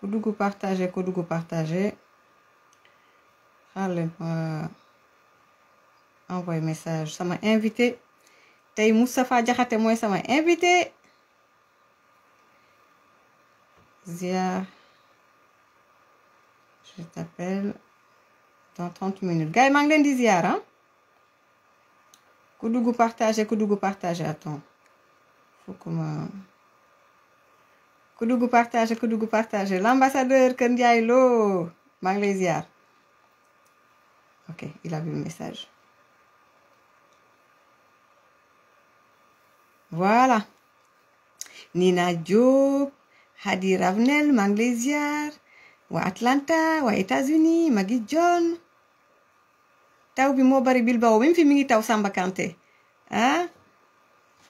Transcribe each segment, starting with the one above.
Kudugu partage, partagé partage. dugg partagé Allez, ma euh, envoyé message m'a invité tey Moustapha moi ça m'a invité zia je t'appelle dans 30 minutes gay yi dit coup di ziar ah ku partagé attends faut que Kudugu partage, kudugu partage. l'ambassadeur Kandiaïlo, Manglésia. Lo ok il a vu le message voilà Nina Diop Hadi Ravenel Manglésia, ou Atlanta ou États-Unis Maggie John taw bi mon bari Bilbao même fi mi Samba Kanté Hein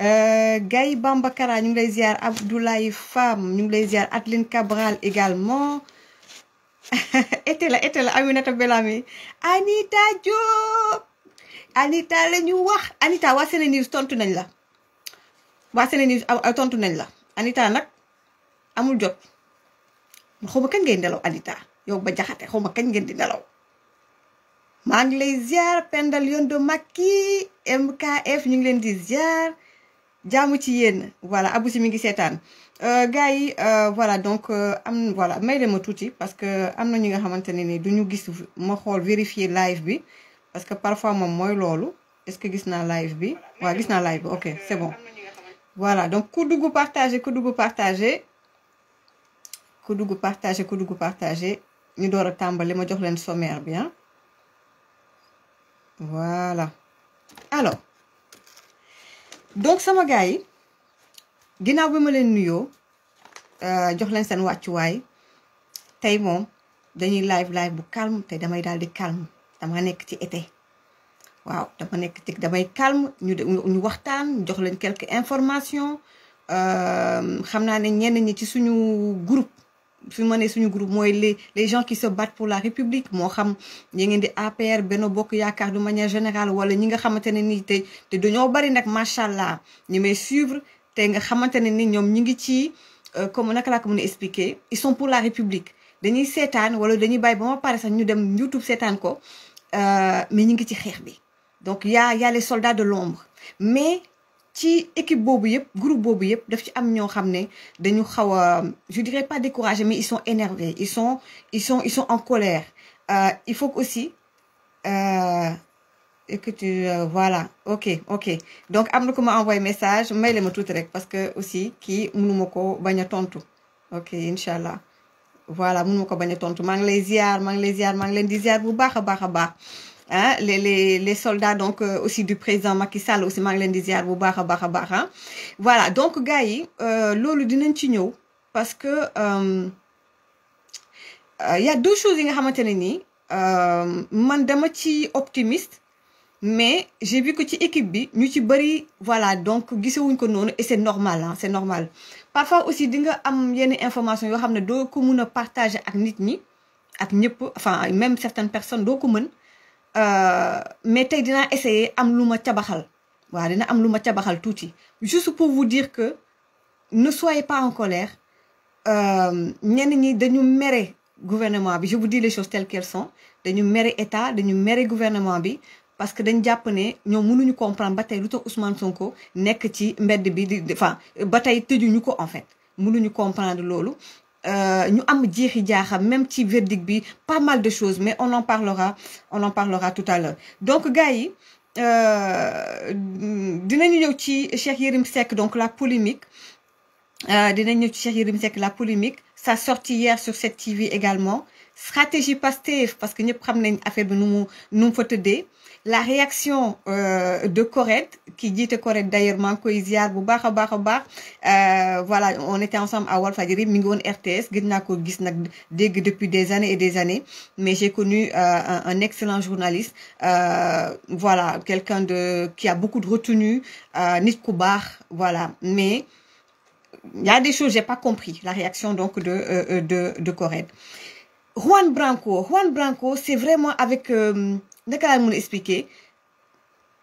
Euh, Gaye Bambakara nous les y a Abdoulaye Fam nous les y a Adeline Cabral également été la été la Aminata Bellamy Anita Jo, Anita le ñu Anita voici les News tontu nañ là. Voici les News là. Anita anak, amul jot xaw ma kañ Anita yow ba jaxate xaw ma kañ ngeen di nelaw Mang lay ziar Pendal Maki MKF ñu ngi di ziar. jaamu voilà Abou si mi ngi euh, euh, voilà donc euh, am voilà Mais leen ma touti parce que am na ñi nga xamante ne ni ma vérifier live bi parce que parfois moom moi lolo. est-ce que gis live bi voilà, gis live ok c'est bon voilà donc ku partagez, partagé ku goût partagé ku partagez, partagé ku goût partagé ñu door a ma jox sommaire bien. Ah. voilà alors donc sama gars yi ginnaaw bi ma leen nuyoo euh, jox leen seen wàccuwaay tey moom dañuy live live bu calme te damay daal di calme dama nekk ci été waaw dama nekk ci damay calme ñu ñu waxtaan jox leen quelques informations euh, xam naa ne ñenn ñi ci suñu groupe fi ma suñu groupe les les gens qui se battent pour la république mo xam ñi ngeen di APR Benno Bokk Yaakaar du manière générale wala ñi nga xamante ni té té dañoo bari nak machallah ñi may suivre té nga xamante ni ñoom ñi ngi ci euh, comme nak la ko mën expliquer ils sont pour la république dañuy sétane wala dañuy bàyyi bama paré sax ñu dem YouTube sétane ko euh, mais ñi ngi ci xex bi donc y a y a les soldats de l'ombre mais ci équipe bobu yëpp groupe bobu yëpp daf ci am ño xamné dañu xawa je dirais pas décourager mais ils sont énervés ils sont ils sont ils sont en colère euh, il faut aussi euh, que tu euh, voilà ok ok donc am na ko ma message may la ma tuuti rek parce que aussi ki mënuma ko bañ a tontu ok inshallah voilà mënuma ko bañ a tontu maa lay ziar mang lay ziar mang len di ziar bu baax a baax Hein, les les les soldats donc euh, aussi du président Macky Sall aussi Marlène ngi di ziar bu hein. voilà donc gars yi euh, loolu dinañ ci ñew parce que il euh, y a deux choses yi nga ne man dama ci optimiste mais j'ai vu que ci équipe bi ñu ci bari voilà donc qui ko noonu et c'est normal hein, c'est normal parfois aussi di nga am yene information yo xamne do partage ko mëna partager ak nit ñi ak enfin même certaines personnes documents, ko euh, mais tey dinaa essayer am luma ma cabaxal waaw dina am luma ma cabaxal juste pour vous dire que ne soyez pas en colère euh, ñenn ñi dañu méré gouvernement bi je vous dis les choses telles qu'elles sont dañu méré état dañu méré gouvernement bi parce que dañ japp ne ñoom mënuñu comprendre ba tey lu Ousmane Sonko nek ci mbedd bi enfin ba tey tëjuñu ko en fait mënuñu comprendre loolu nous avons dit même ci verdict pas mal de choses mais on en parlera on en parlera tout à l'heure donc Gaï, euh, donc la polémique euh, la polémique ça sorti hier sur cette TV également stratégie Pastef parce que nous avons nañ affaire nous nous nous la réaction euh, de Corette qui dit Corette d'ailleurs manko iziar, euh, voilà on était ensemble à Wolf RTS depuis des années et des années mais j'ai connu euh, un, excellent journaliste euh, voilà quelqu'un de qui a beaucoup de retenue nit voilà mais il y a des choses j'ai pas compris la réaction donc de de de Corette Juan Branco Juan Branco c'est vraiment avec naka laa expliquer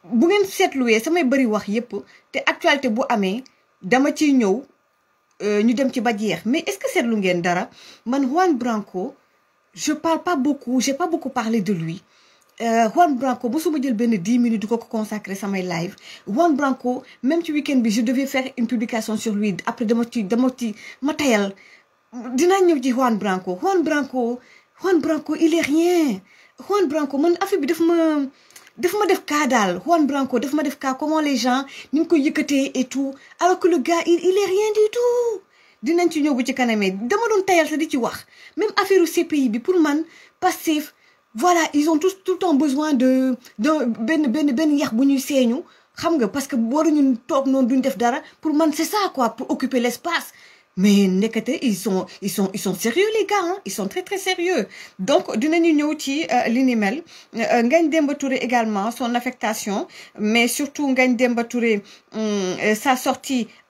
bu ngeen seetluwee samay bëri wax yépp te actualité bu amee dama ciy ñëw euh, ñu dem ci ba jeex mais est-ce que seetlu ngeen dara man Juan Branco je parle pas beaucoup j'ai pas beaucoup parlé de lui euh, Juan Branco mosuma jël benn 10 minutes di ko ko consacrer samay live Juan Branco même ce week-end bi je devais faire une publication sur lui après dama ci dama ci ma tayal dinaa ñëw ci Juan Branco Juan Branco Juan Branco il est rien Juan Branco man affaire bi daf ma daf ma def cas daal Juan Branco daf ma def cas comment les gens ni ñu ko et tout alors que le gars il il est rien du tout dinañ ci ñëw bu ci kanamee dama doon tayal sa di ci wax même affaire CPI bi pour man passif voilà ils ont tous tout le temps besoin de de ben ben ben yax bu ñuy séñu xam nga parce que ñu tok non duñ def dara pour man c'est ça quoi pour occuper l'espace mais nekete, ils sont, ils sont, ils sont sérieux les gars, hein. ils sont très très sérieux. Donc, d'une union euh, l'inimel, euh, gagne Dembotouré également son affectation, mais surtout gagne hum, euh, sa sortie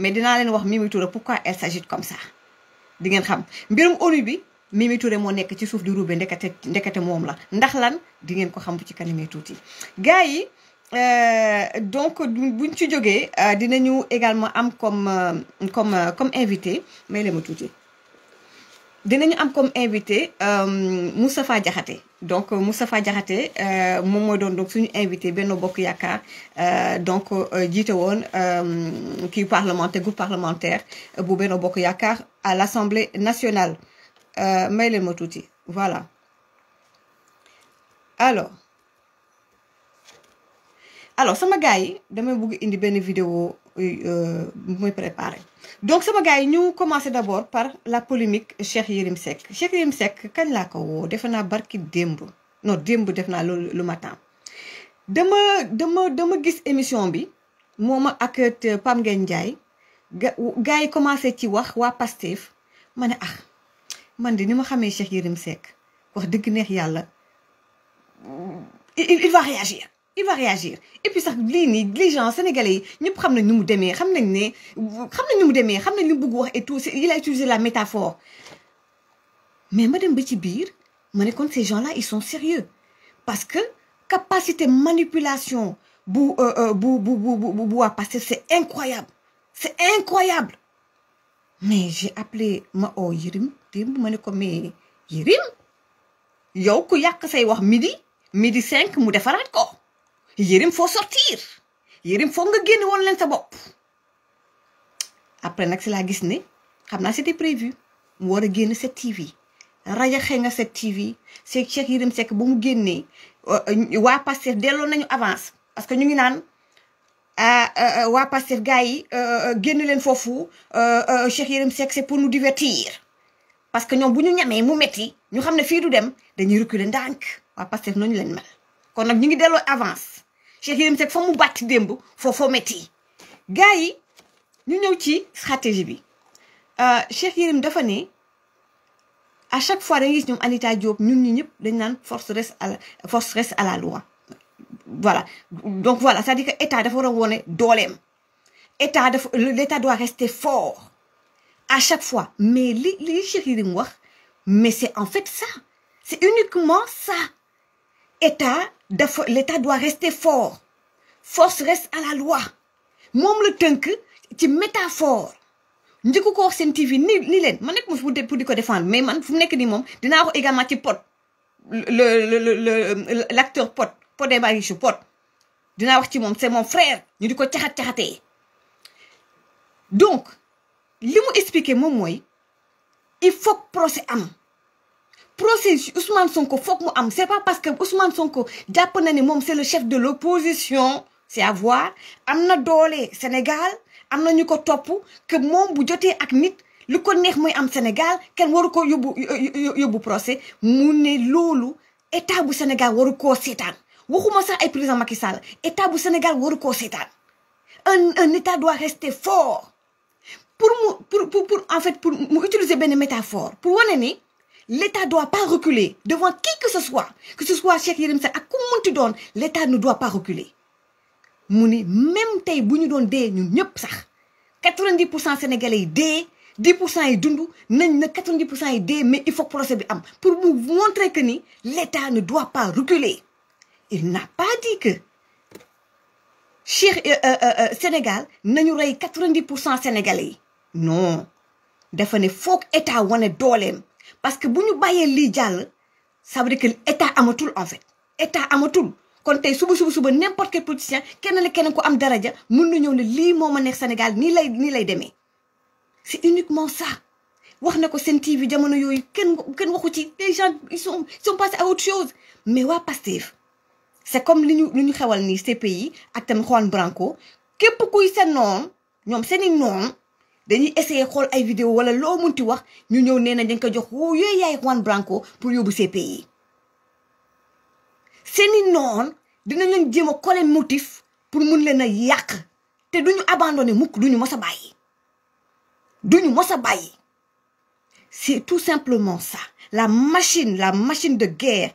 mais dina len wax Mimi Touré pourquoi elle s'agite comme ça di ngeen xam mbirum ONU bi Mimi Touré mo nek ci souf di roubé ndekaté ndekaté mom la ndax lan di ngeen ko xam bu ci kanamee touti gaay yi euh, donc buñ ci jógee euh, dinañu également am comme euh, comme comme invité mais le ma dinañu am comme invité Moustapha Diakhaté donc Moussa Fadjarate, je donc invité Benno Bokk euh, donc euh, won qui euh, parlementaire groupe parlementaire à l'Assemblée nationale voilà alors alors sama bëgg vidéo donc sama gars yi ñu commencé d'abord par la polémique Cheikh Yérim Seck Cheikh Yérim Seck kañ la ko wo, defe barki dembu. non dembu def le le matin deme deme dama gis émission bi moo ma ak euh, Pam Ngeen Ndiaye ga gars yi commencé ci wax Pastef ah man de ni ma Cheikh Yérim Seck wax dëgg neex yàlla il va réagir il va réagir et puis ça, les les gens sénégalais nous ñëpp xam nañ ni mu demee xam nañ ne xam nañ ni mu demee xam nañ et tout il a utilisé la métaphore mais madame Bétibir, ba ci biir que ces gens là ils sont sérieux parce que capacité manipulation bou bou bou bou bou à c'est incroyable c'est incroyable mais j'ai appelé ma oo oh, Yirim Yirim me comme que mais Yérim yow ya yàq say wax midi midi 5, mu defaraat quoi Yérim faut sortir Yérim foog nga génn woon leen sa bopp après nag si laa gis ne xam naa c'était prévu mu war a génn cette TV rajaxe nga cette TV c'est Cheikh Yérim Seck ba mu génnee euh, waa Pastef delloo nañu avance parce que ñu ngi naan euh, euh, waa Pastef gars yi génn leen foofu Cheikh Yérim Seck c'est pour nous divertir parce que ñoom bu ñu ñamee mu metti ñu xam ne fii du dem dañuy reculer ndànk waa Pastef noonu leen mel kon nag ñu ngi delloo avance Cheikh Yérim Seck fa mu bàcc démb faut métti gars yi ñu ñëw ci stratégie bi euh, Cheikh Yérim dafa ne à chaque fois dañuy gis ñoom un Diop ñun ñi ñëpp dañ naan force reste force reste à la loi voilà donc voilà ça dit dire que état dafa être a wone état l'état doit rester fort à chaque fois mais li li Cheikh wax mais c'est en fait ça c'est uniquement ça état l'état doit rester fort force reste à la loi mom le teunk ci métaphore njëkku ko wax sen TV ni ni len man nekk moom pour diko défendre mais man fu nek ni mom dina ko également ci pot le le le l'acteur pot pot des marichou pot dinaa wax ci mom c'est mon frère ñu diko ko caxat donc li expliquer mom moy il faut procès am procès Ousmane Sonko foog mu am c'est pas parce que Ousmane Sonko jàpp na c'est le chef de l'opposition c'est à voir Amna na Sénégal amna ñuko ñu que mom bu joté ak nit lu ko neex moy am Sénégal ken waru ko yobu procès mu né lolu état bu Sénégal waru koo seetaan waxuma sax ay président Macky Sall état bu Sénégal waru koo seetaan un un état doit rester fort pour pour pour pour en fait pour mu utiliser une métaphore pour vous ni l'État ne doit pas reculer devant qui que ce soit. Que ce soit Cheikh Yerim À ak tu donnes, l'État ne doit pas reculer Mouni même tay bu ñu doon nous ñun ñëpp sax 90 sénégalais dé 10 et dundu. nañ na 90 et des, mais il faut procès bi am pour vous montrer que ni l'État ne doit pas reculer il n'a pas dit que Cheikh euh, euh, euh, Sénégal nañu rey 90 sénégalais non dafa faut que état wane dolem parce que bu ñu bàyyee lii jàll ça veut dire que état amatul en fait état amatul kon tey suba suba suba n'importe quel politicien kenn la kenn ku am daraja mun na ñëw ne lii moo ma neex Sénégal nii lay nii lay demee c'est uniquement ça wax na ko seen TV jamono yooyu kenn kenn waxu ci les gens ils sont ils sont passés à autre chose mais waa passé. c'est comme li ñu li ñu xewal nii CPI ak tamit Juan Branco képp kuy seen noonu ñoom seen i dañuy essayer xol ay vidéo wala loo munti wax ñu ñëw nee na dañ ko jox wuu yooyu yaay Juan Branco pour yobu ces pays seeni non, dinañ leen jema a motif pour mën leen a yàq te duñu abandonné mukk duñu mos bayyi duñu mos bayyi c'est tout simplement ça la machine la machine de guerre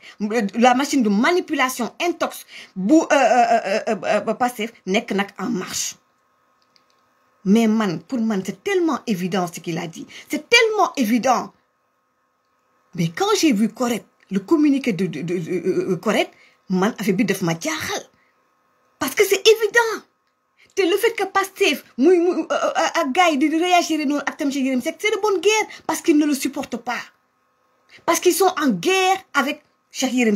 la machine de manipulation intox bu euh, euh, euh, Pastef nek nak en marche mais man pour man c'est tellement évident ce qu'il a dit c'est tellement évident mais quand j'ai vu correct le communiqué de de euh, euh, euh, correct man a fait daf ma parce que c'est évident le fait que Pastef moui muy ak gars yi réagir à c'est une bonne guerre parce qu'ils ne le supportent pas parce qu'ils sont en guerre avec Cheikh Yerim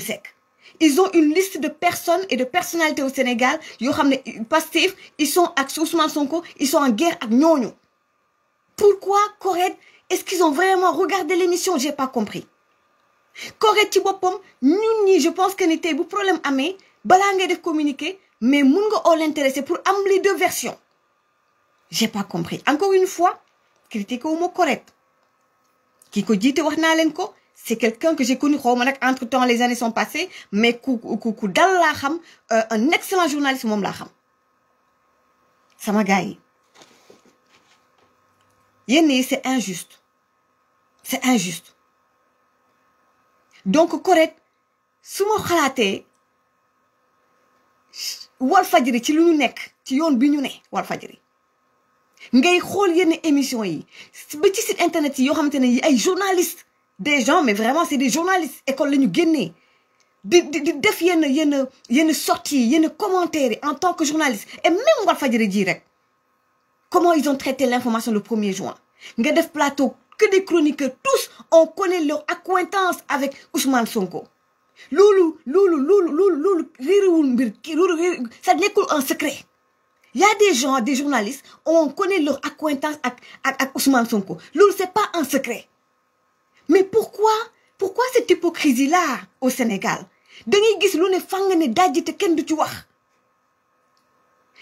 ils ont une liste de personnes et de personnalités au Sénégal ils sont ak Ousmane Sonko ils sont en guerre avec nous. pourquoi Corrède est-ce qu'ils ont vraiment regardé l'émission j'ai pas compris Corrède je pense que n'était pas un problème à balaa communiquer mais Mungo a pour amener les deux versions j'ai pas compris encore une fois critique au mot Corrède Qui ko que c'est quelqu'un que j'ai connu entre temps les années sont passées mais coucou coucou dal euh, un excellent journaliste mom la xam sama m'a yi c'est injuste c'est injuste donc correct suma mon wal fadjiri ci lu ñu nekk ci yoon bi ñu wal fadjiri ngay xol yenn émission yi ba ci site internet yi yo xamante yi ay journalistes des gens mais vraiment c'est des journalistes et la ñu y di une sortie, il y a en tant que journaliste et même va dire direct. comment ils ont traité l'information le 1er juin nga plateau que des chroniqueurs tous on connaît leur acquaintance avec Ousmane Sonko Loulou, Loulou, Loulou, Loulou, ça un secret Il y a des gens, des journalistes, on connaît leur acquaintance avec, Ousmane Sonko. ce n'est pas un secret mais pourquoi pourquoi cette hypocrisie là au Sénégal dangay gis l'une ne et ne dajji du ci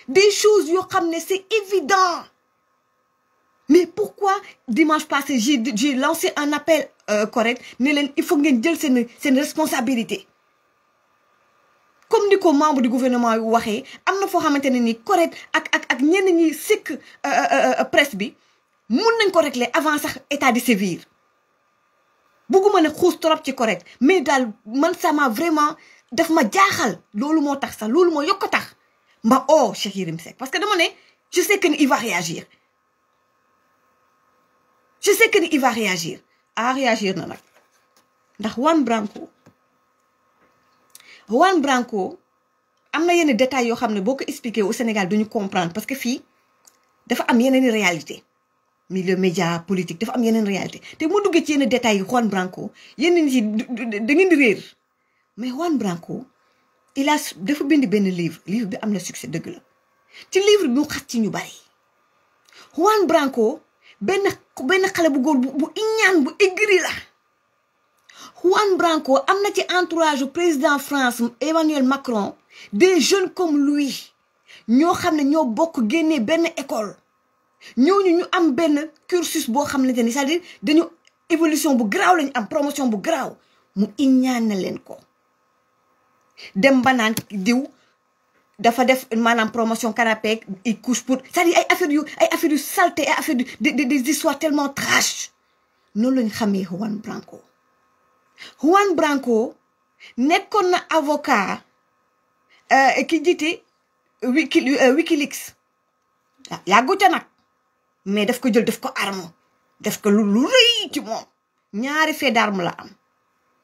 des choses yoo c'est évident mais pourquoi dimanche passé j'ai lancé un appel euh, correct ne il faut ngeen jël c'est une responsabilité comme ni ko du gouvernement yu waxee am na foo xamante ni correct ak ak ak ñenn ñi sikk euh, euh, presse bi nañ ko avant sax état de sévir je ne trop ci correct mais dal man sama vraiment daf ma jaaxal lolou mo tax sa lolou tax Je parce que ne je sais que il va réagir je sais que il va réagir à réagir na ndax Juan Branco Juan Branco amna détails ne au Sénégal duñu comprendre parce que fi dafa am réalité milieu média politique dafa am yeneen réalité té mo duggee ci yenn détail yi Juan Branco yenn nit da ngeen di réer mais Juan Branco il a dafa bind ben livre livre bi amna succès deug la ci livre bi mu xas ci ñu bari Juan Branco ben ben xalé bu goor bu ignane bu aigri la Juan Branco amna ci entourage du président France Emmanuel Macron des jeunes comme lui ño xamné ño bokk génnee ben école ñooñu ñu am benn cursus boo xamante ni c'est-à-dire dañu évolution bu graw lañu am promotion bu graw mu iñaan na ko dem banan diw dafa def manam promotion canapé et couche pour c'est-à-dire ay affaire yu ay affaire yu salté ay affaire de des histoires tellement trash non lañ xamé Juan Branco Juan Branco nekkoon na avocat euh ki jiite Wikileaks ah, yàggu ca nag mais daf ko jël daf ko arme daf ko lu lu rëy moom ñaari fait d'arme la am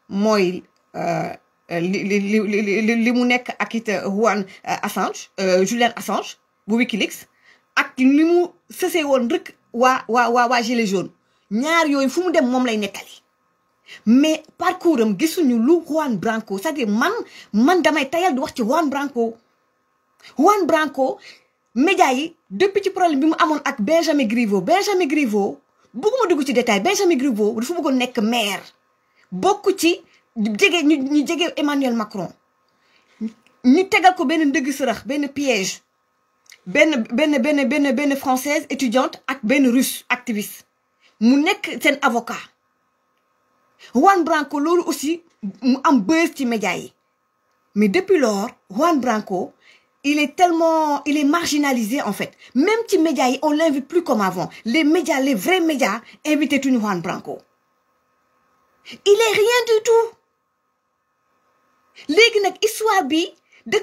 mooy euh, li mu nekk ak it euh, Juan euh, Assange Julian bu Wikileaks ak li mu sësee woon rek waa waa waa waa gilet jaune ñaar yooyu fu mu dem moom lay nettali mais parcours am gisuñu lu Juan Branco cest dire man man damay tayal di wax ci Juan Branco Juan Branco média yi depuis ci problème bi mu amoon ak Benjamin Griveaux Benjamin Griveaux beaucoup dugg ci détail Benjamin Griveaux dafa bëggoon nek maire bokku ci jege ñu ñu Emmanuel Macron ñu tégal ko benn ndëgg sërax benn piège benn benn benn benn benn française étudiante ak benn russe activiste mu nek un avocat Juan Branco lolu aussi mu am buzz ci média yi mais depuis lors Juan Branco il est tellement, il est marginalisé en fait. Même si médias, on l'invite plus comme avant. Les médias, les vrais médias, invitaient une Juan Branco. Il est rien du tout. Les gens histoire bi habillés,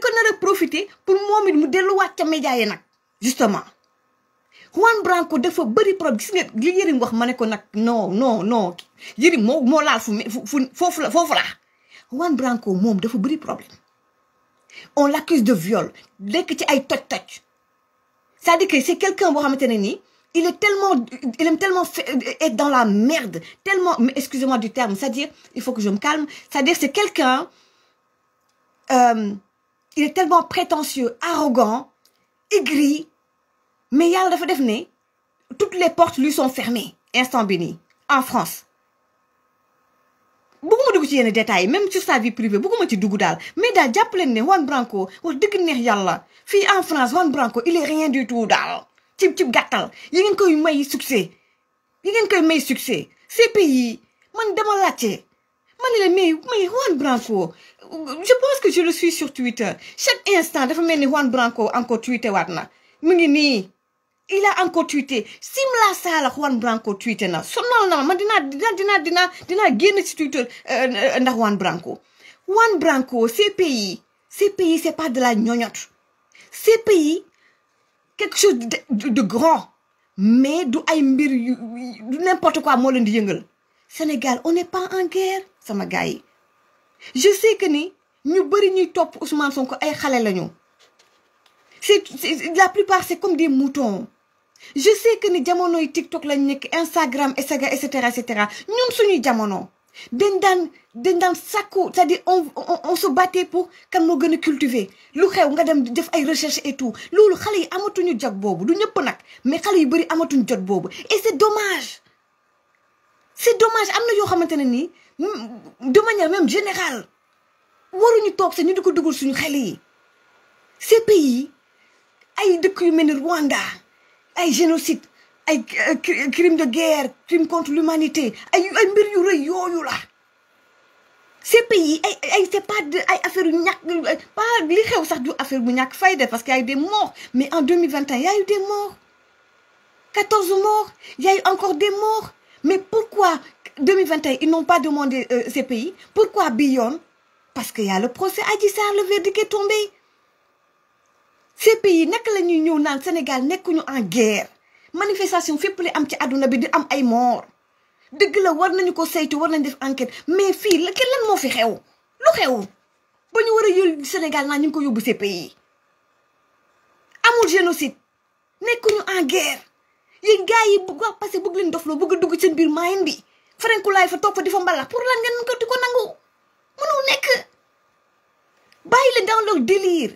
ko nar a profiter pour moi, it mu ca justement Juan Branco dafa beaucoup problème problèmes. nga des problèmes. wax ma ne qui non non non Yérim moo moo laal fu la la Juan Branco moom dafa de problèmes on l'accuse de viol que tu ay touch, touch. cest c'est-à-dire que c'est quelqu'un il est tellement il est tellement être dans la merde tellement excusez-moi du terme c'est-à-dire il faut que je me calme c'est-à-dire c'est quelqu'un euh, il est tellement prétentieux arrogant aigri mais le dafa def venir. toutes les portes lui sont fermées instant béni en France bugguma dugg ci yenn détails même sur sa vie privée bugguma ci de dal mais daal jàpp leen ne Juan Branco wax dëgg neex yàlla en France Juan Branco il est rien du tout dal cib cib gàttal yi ngeen koy may succès yi ngeen koy may succès ces pays man dama laajte man la mais Juan Branco je pense que je le suis sur Twitter chaque instant dafa mel ni Juan Branco encore Twitter waat mingi ni il a encore tweeté Simla Sala Juan Branco tweeté na sonal na Madina, Dina Dina, Dina, dina Twitter euh, euh, Juan Branco Juan Branco CPI pays c'est pas de la Ces pays, quelque chose de grand mais n'importe quoi moo le di Sénégal on n'est pas en guerre ça m'a je sais que ni nous ñuy top, Ousmane Sonko la plupart c'est comme des moutons je sais que ni jamonoy TikTok lañ nekk Instagram et cetera et cetera sommes cetera ñun suñuy jamono dañ daan dañ c'est-à-dire on on on se battait pour kan nous gën cultiver lu xew nga dem def ay et tout loolu xale yi amatuñu jot Bob, du ñëpp nag mais xale yu bëri amatuñu jot Bob. et c'est dommage c'est dommage am yo yoo ni, ne de manière même générale waruñu toog sax ñu di ko dugal suñu xale yi ces pays ay dëkk yu mel Rwanda ay génocide euh, euh, crime de guerre crime contre l'humanité ay ay mbir yu ces pays ay c'est pas de ay affaire pas li xew sax du affaire bu parce qu'il y a eu des morts mais en 2021 il y a eu des morts 14 morts il y a eu encore des morts mais pourquoi 2021 ils n'ont pas demandé euh, ces pays pourquoi Billon parce qu'il y a le procès Adji le verdict est tombé ces pays naka la ñuy ñëw naan Sénégal nekkuñu en guerre manifestation fépp li am ci àdduna bi di am ay mort dëgg la war nañu ko seytu war nañu def enquête mais fii la kenn lan moo fi xew lu xew ba ñu war a yóbbu Sénégal naa ñu ko yóbbu ces pays amul génocide nekkuñu en guerre yéen gars yi bu wax parce que bëgg leen dofloo bëgg dugg seen biir maayen bi Ferenkulaay fa topp di fa mbalax pour lan ngeen ko di ko nangu mënul nekk bàyyi leen dans leur délire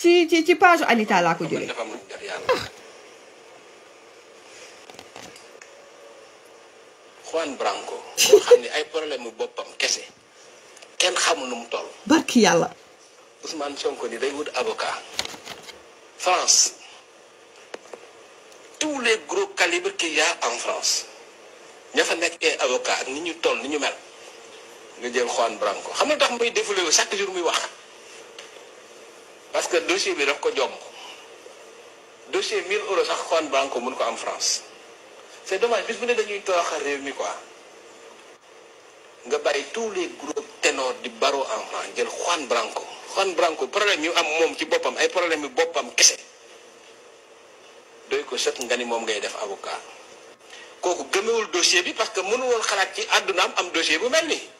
ci ci ci page Anita la ko jëlee. dafa Juan Branco. xamni ay problème mu boppam kese. kenn xamul nu toll. barki yalla Ousmane Sonko ni day wut avocat. France. tous les gros calibres qu'il y a en France. ña fa nekk ay avocat ni ñu toll ni ñu mel. nga jël Juan Branco xamna tax muy défouler chaque jour muy wax parce que dossier bi daf ko jomb dossier 1000 euros sax xoon banque mun ko am France c'est dommage bis bu ne dañuy tooxal réew mi quoi nga bàyyi tous les groupes ténor di baro enfant jël Juan Branco Juan Branco problème yu am mom ci boppam ay problème yu boppam kese doy ko sët nga ni ngay def avocat kooku gëmewul dossier bi parce que mënu woon xalaat ci àddunaam am dossier bu mel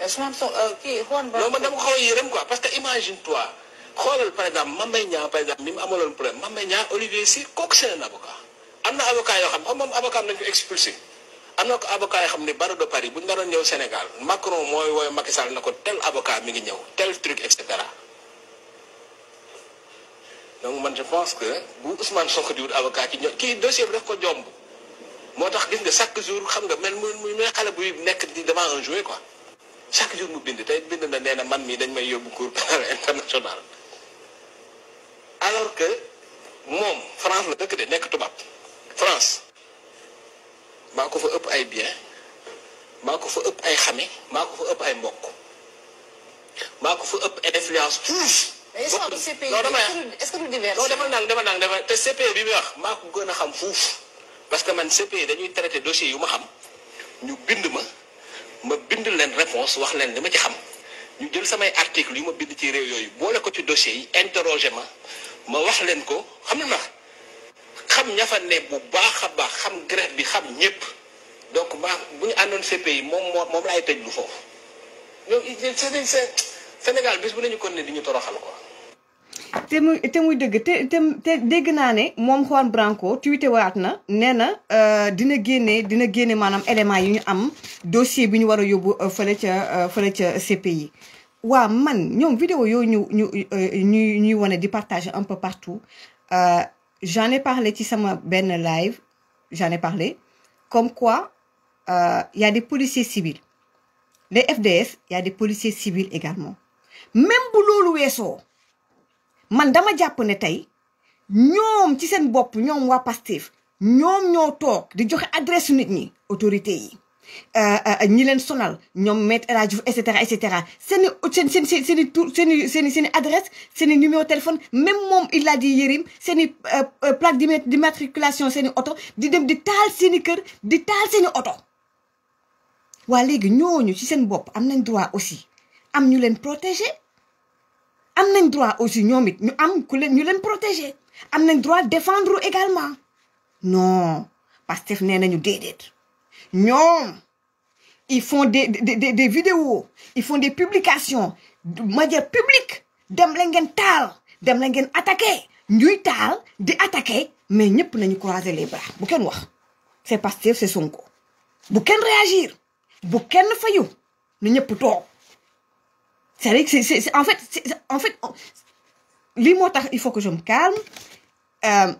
Ousmane euh, Sonko kii Juan Branco. non man dama ko xaw a yërëm parce que imagine toi xoolal par exemple Mame Mbaye Niang par exemple ni mu amaloon problème Mame Mbaye Niang Olivier Sy kooku c'est un avocat. am na avocat yoo xam xam moom avocat am nañu ko yoo xam ne barreau de Paris bu ñu naroon ñëw Sénégal Macron mooy wooyu Macky Sall na ko tel avocat mu ngi ñëw tel truc et cetera. man je pense que bu Ousmane Sonko di wut avocat ci ñoom kii dossier bi daf ko jomb moo tax gis nga chaque jour xam nga mel muy muy xale buy nekk di devant un jouet chaque jour mu bind tey bind na nee na man mii dañ may yóbbu cour pénal international alors que moom France la dëkk de nekk tubaab France maa ko fa ëpp ay bien maa ko fa ëpp ay xame maa ko fa ëpp ay mbokk maa ko fa ëpp influence tous non dama est-ce que non demal nang demal nang demal te CPE bi muy wax maa ko gën a xam fuuf parce que man CPE dañuy traité dossier yu ma xam ñu bind ma ma bind leen réponse wax leen li ma ci xam ñu jël samay article yu ma bind ci réew yooyu boole ko ci dossier yi interroger ma ma wax leen ko xam na xam ña fa ne bu baax a baax xam grève bi xam ñëpp donc ma bu ñu àndoon CPI moom moo moom laay tëj lu foofu ñoom Sénégal bis bu ne nañu kon ne di ñu toroxal ko té muy dégg Branco na euh, dina dina am dossier bi ñu euh, CPI. Euh, man vidéo ñu ñu ñuy di partager un peu partout j'en ai parlé live j'en ai parlé comme quoi y a des policiers civils les FDS y a des policiers civils également même bu loolu man dama japp ne tay ñom ci seen bop ñom wa Pastef ñom ñoo tok di joxe adresse nit ñi autorité yi euh, euh, ñi leen sonal ñom met radio etc etc. et cetera et cetera seen i seen seen seen adresse seen numéro téléphone même mom il a dit Yérim seen euh, plaque d'immatriculation seen i auto, di dem di tal seen i kër di tal seen auto wa légui léegi ñooñu ci seen bop am nañ droit aussi am ñu len protéger am nañ droit aussi ñoom ñu am ku leen ñu leen protéger am nañ droit défendre également non Pastef nee nañu déedéet ñoom ils font des des des des vidéos ils font des publications de manière publique dem la ngeen taal dem la ngeen attaquer, ñuy taal di attaquer mais ñëpp nañu croiser les bras bu kenn wax c'est Pastef c'est Sonko bu kenn réagir bu kenn fayu nu ñëpp toog. C'est vrai que c'est, c'est en fait, en fait, limotax il faut que je me calme euh,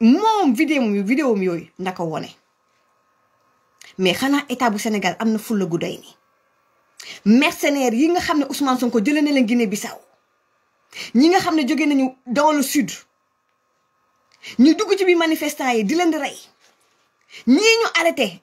mon vidéo mon vidéo mi yooyu na ko mais xanaa état bu Sénégal am na fulla gu doy nii mercenaires yi nga xam ne Ousmane Sonko jëlee na leen Guinée Bissau ñi nga xam ne jóge nañu dans le sud ñu dugg ci biir manifestants yi di leen di rey ñu arrêté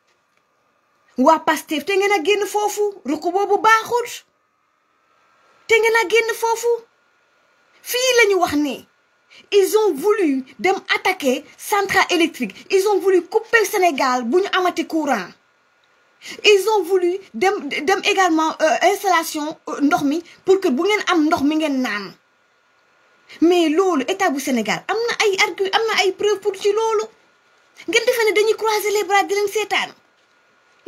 wa Pastef te ngeen a génn foofu ruku boobu baaxul te ngeen genn fofu fi lañu wax ni ils ont voulu dem attaquer centrale électrique ils ont voulu couper Sénégal buñu amati courant ils ont voulu dem dem également euh, installation euh, ndox mi pour que bu ngeen am ndox mi ngeen nan mais lolu état du Sénégal amna ay argu amna ay preuve pour ci lolu ngeen defane dañuy croiser les bras di len seetaan.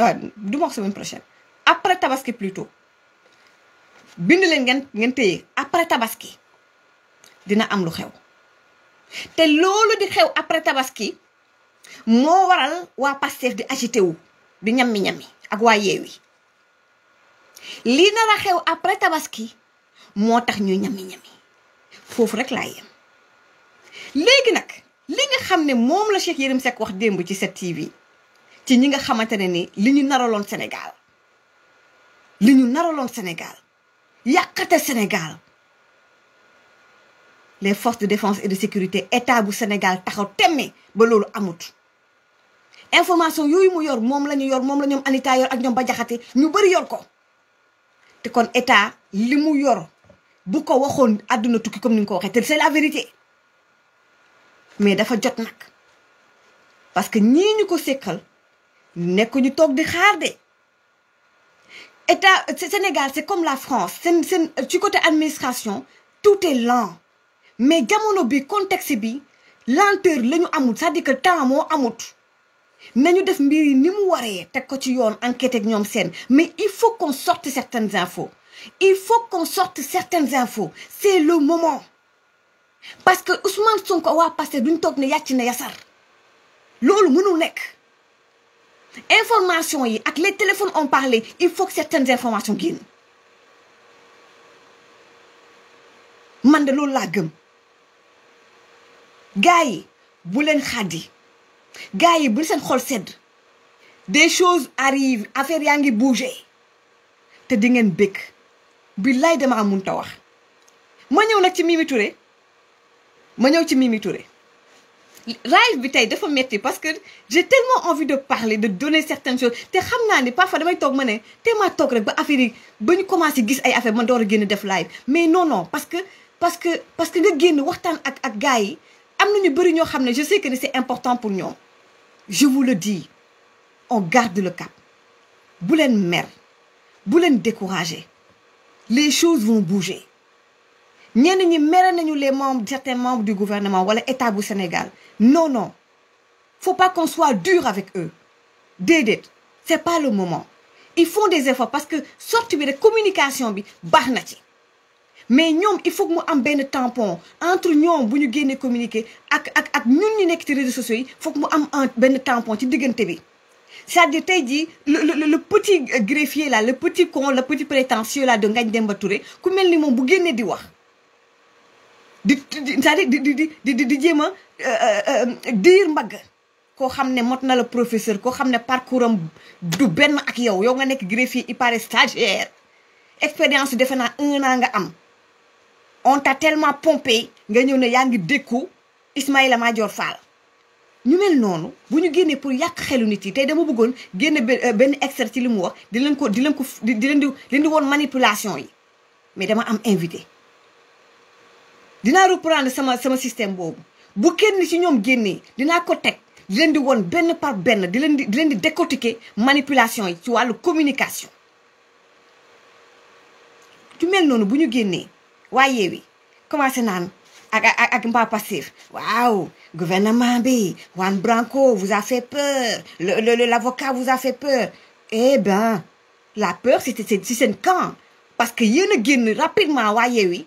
waaw du ma semaine prochaine après tabaski plutôt bind len ngeen ngeen téye après tabaski dina am lu xew té lolu di xew après tabaski mo waral wa Pastef di agité wu di ñammi ñammi ak waa Yewwi li na a xew après tabaski moo tax ñu ñammi ñammi fofu rek la yem léegi nag li nga xam ne la Cheikh Yérim Seck wax demb ci 7TV ci ñi nga xamante ni li ñu naraloon Sénégal li ñu naraloon Sénégal yàqate Sénégal les forces de défense et de sécurité état bu Sénégal taxaw temme ba loolu amut information yooyu mu yor moom la ñu yor moom la ñoom Anita yor ak ñoom ba jaxate ñu bëri yor ko te kon état li mu yor bu ko waxoon àdduna tukki comme ni nga ko waxee te c'est la vérité mais dafa jot nag parce que ñii ñu ko sékkal nekk ñu pas di xaar de Le Sénégal c'est comme la France C'est, côté de côté administration tout est lent mais dans bi contexte bi lenteur la ñu nous c'est-à-dire que temps moo amut nañu def devons yi ni mu ko enquête mais il faut qu'on sorte certaines infos il faut qu'on sorte certaines infos c'est le moment parce que Ousmane Sonko waa Pastef duñ toog ne C'est na que nous devons faire information yi ak les téléphones ont parlé il faut que certaines informations guin man de loolu la gem gaay bu len xadi gaay bu xol sed des choses arrivent affaire yangi bouger te di ngeen bëgg billahi dama mun ta wax ma ñew nak ci Mimi Touré ma ñew ci Mimi Touré live bi tey dafa parce que j'ai tellement envie de parler de donner certaines choses té xamna naa parfois damay tok ma té ma tok rek ba affaire yi ba ñu commencé gis ay affaire man doora a def live mais non non parce que parce que parce que nga guen waxtan ak ak gaay amna ñu ño xamné je sais que c'est important pour nous. je vous le dis on garde le cap bu len mer bu len décourager les choses vont bouger ñenn ñi méré nañu les membres certains membres du gouvernement wala état du Sénégal non non faut pas qu'on soit dur avec eux dédette c'est pas le moment ils font des efforts parce que sorte bi de communication bi baxna ci mais ñom il faut que mu am ben tampon entre nous buñu ñu communiquer ak ak ak ñun ñu nek ci réseaux sociaux yi faut que mu am un tampon ci bi c'est-à-dire que le le petit greffier là le petit con le petit prétentieux là de Ngagne Demba Touré ku mel ni bu génnee di di c'est-à-dire di di di di di jéem a euh, euh, euh, diir mbagg koo xam ne mot na la professeur koo xam ne parcours am du benn ak yow yow nga nekk greffier il paraît stagiaire expérience defe naa un an nga am on t'a tellement pompé nga ñëw ne yaa ngi dékku Ismaïla Madior Fall ñu mel noonu bu ñu génnee pour yàq xelu nit yi tey dama bëggoon génne benn extrait ci li mu wax di leen ko di leen ko di leen di leen di woon manipulation yi mais dama am invité dinaa reprendre sama sama système bobu bu kenn ci ñom génnee dina ko tek di di won benn par benn di leen di di di décortiquer manipulation ci walu communication Tu mel nonu buñu génné génnee waaye commencé nan ak ak ak passif waaw gouvernement bi Juan Branco vous a fait peur le le l'avocat vous a fait peur eh ben la peur c'était c'est seen camp parce que yene a génn rapidement waaye yeewi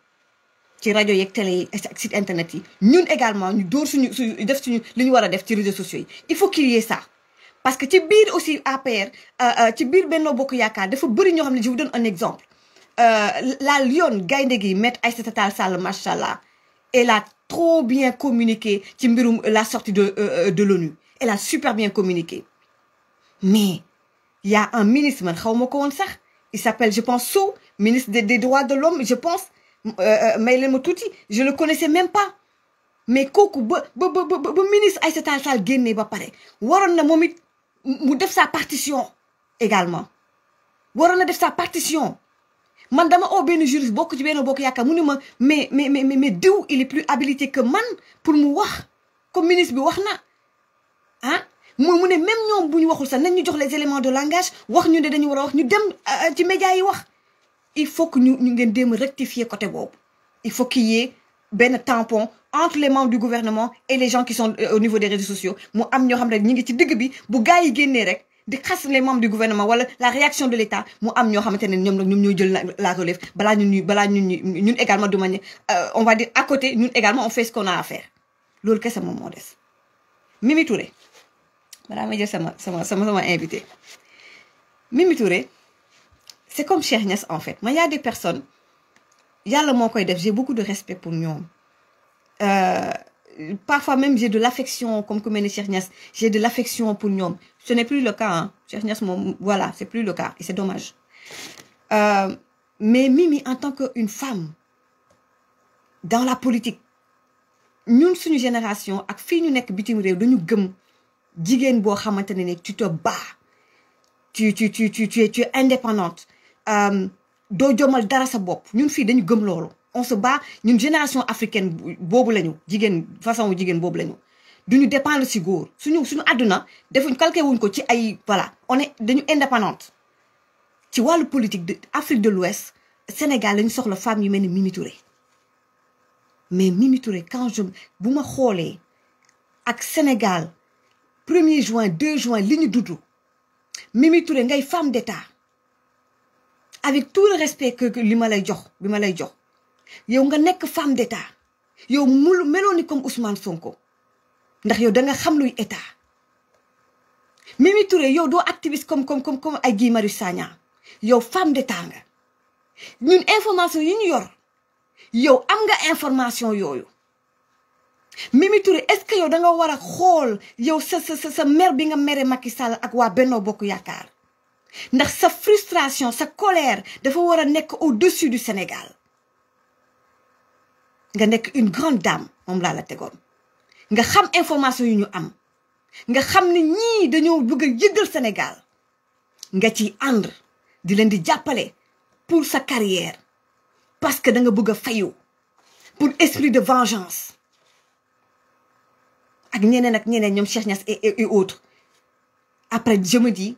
ci radio, yek télé site internet yi ñun également ñu devons suñu def suñu li ñu réseaux sociaux il faut qu'il y ait ça parce que ci biir aussi APR euh, euh, ci biir Benno Bokk Yaakaar dafa bëri ñoo xamni je vous donne un exemple euh, la Lyon, gaynde gi met à Sall elle a trop bien communiqué ci la sortie de de l'ONU elle a super bien communiqué mais il y a un ministre man xawmako won sax il s'appelle je pense sous ministre des droits de l'homme je pense mais euh, euh Maïlen Moutouti, je le connaissais même pas. mais kooku ba ba ba ba ministre Aïssata Tall Sall génnee ba pare waroon na moom it mu def sa partition également waroon na def sa partition man dama oo benn juriste bokk ci benn bokk yaakaar mu ne ma mais mais mais mais diw il est plus habilité que man pour mu wax comme ministre bi wax hein? ah mooy mu même ñoom bu ñu waxul sax nañ ñu jox les éléments de langage wax ñu ne dañu war a wax ñu dem euh, ci média yi wax il faut que ñu ñu ngeen rectifier côté boobu il faut qu'il y ait benn tampon entre les membres du gouvernement et les gens qui sont euh, au niveau des réseaux sociaux mo am ñoo xam ñi ngi ci digg bi bu gaay yi génnee rek di xas les membres du gouvernement wala la réaction de l'État mo am ñoo xamante ne ñoom la ñoom ñooy jël la relève bala ñun ñuy balaa ñun ñu ñun également de manière euh, on va dire à côté ñun également on fait ce qu'on a à faire lool kese mo mo dess Mimi Touré balaa may jël sama sama sama invité Mimi Touré c'est comme Cheikh en fait il y a des personnes a le koy def j'ai beaucoup de respect pour nous. Euh, parfois même j'ai de l'affection comme comme ni Cheikh j'ai de l'affection pour nous. ce n'est plus le cas ah Cheikh voilà c'est plus le cas et c'est dommage euh, mais Mimi en tant qu'une femme dans la politique ñun une génération ak fii ñu nekk bitim réew dañu gëm nous boo tu te bats tu tu tu tu tu es indépendante euh, do jomal dara sa bop ñun fi dañu gëm lolu on se bat ñun génération africaine bobu lañu jigen façon jigen bobu lañu duñu dépendre si góor suñu suñu aduna defuñ calquer wuñ ko ci ay voilà on est dañu indépendante ci walu politique d'Afrique de l'Ouest Sénégal lañu soxla femme yu melni Mimi Touré mais Mimi Touré quand je buma xolé ak Sénégal premier juin deux juin liñu doudou, Mimi Touré ngay femme d'état avec tout le respect que li ma lay jox bi ma lay jox yow nga nekk femme d'État, état yow mul meloo comme Ousmane Sonko ndax yow da nga xam luy état Mimi Touré yow doo activiste comme comme comme comme ay Guy Marius Sagna yow femme d' état nga ñun information yi ñu yor yow am nga information yooyu Mimi Touré est ce que yow da nga wara xol yow sa sa sa mère bi nga mere Macky Sall ak wa Benno Bokk yakar ndax sa frustration sa colère de voir un au-dessus du Sénégal nga une grande dame mom la la nga xam information yu ñu am nga xam Sénégal nga pour sa carrière parce que da nga bëgg pour esprit de vengeance ak autres après je me dis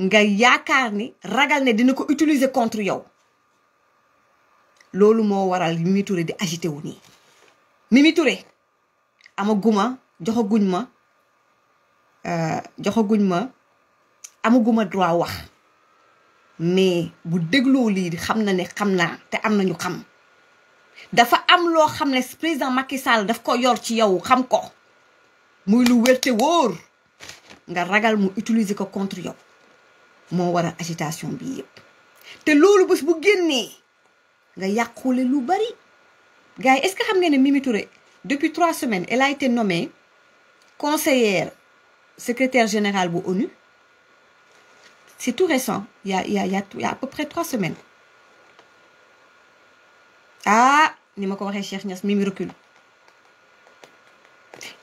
nga yaakaar ni ragal ne dina ko utiliser contre yow loolu moo waral Mimi di agité wu nii Mimi Touré amaguma joxaguñ ma euh, joxaguñ ma amaguma droit wax mais bu dégloo lii xam na ne xam naa te am nañu xam dafa am loo xam ne président Macky Sall daf ko yor ci yow xam ko muy lu wérte wóor nga ragal mu utiliser ko contre yow agitation est-ce que xam depuis trois semaines elle a été nommée conseillère secrétaire générale de ONU c'est tout récent Il y a à peu près trois semaines ah ni ma ko Cheikh Mimi recule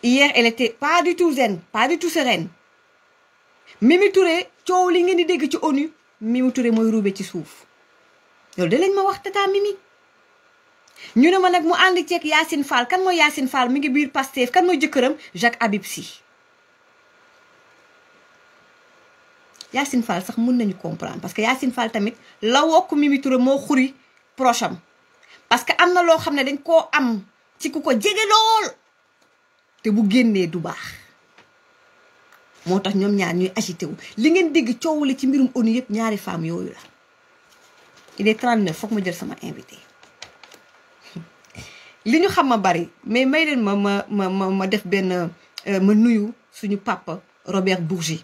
hier elle était pas du tout zen pas du tout sereine Mimi Touré coow li ngeen di dégg ci ONU Mimi Touré mooy ruube ci suuf loolu dalañ ma wax tata Mimi ñu ne ma nag mu ànd ceeg Yacine Fall kan mooy Yacine Fall mi ngi biir Pastef kan mooy jëkkëram Jacques Habib Sy Yacine Fall sax mun nañu comprendre parce que Yacine Fall tamit la wokk Mimi moo xuri proche am parce que am na loo xam ne dañ koo am ci ku ko jege lool te bu génnee du baax motax ñom ñaar ñuy agité wu li ngeen dégg ciowul ci mbirum ONU yëpp ñaari femme yooyu la il est 39 foog ma jël sama invité li ñu xam ma bari mais may leen ma ma ma ma def benn euh, ma nuyu suñu papa Robert Bourgi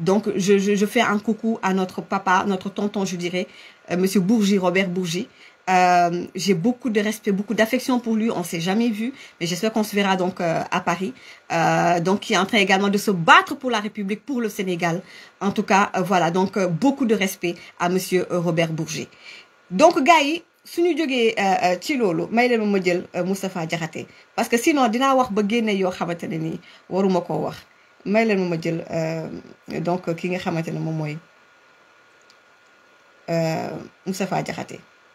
donc je je je fais un coucou à notre papa notre tonton je dirais euh, monsieur Bourgi Robert Bourgi euh, j'ai beaucoup de respect, beaucoup d'affection pour lui. On s'est jamais vu, mais j'espère qu'on se verra donc euh, à Paris. Euh, donc, il est en train également de se battre pour la République, pour le Sénégal. En tout cas, euh, voilà. Donc, beaucoup de respect à Monsieur Robert Bourget. Donc, Gaï, suñu nous ci loolu may leen ma jël Moustapha parce que sinon dina wax ba génne yo xamante ne nii waruma wax may leen ma donc ki nga xamante ne moom euh Moustapha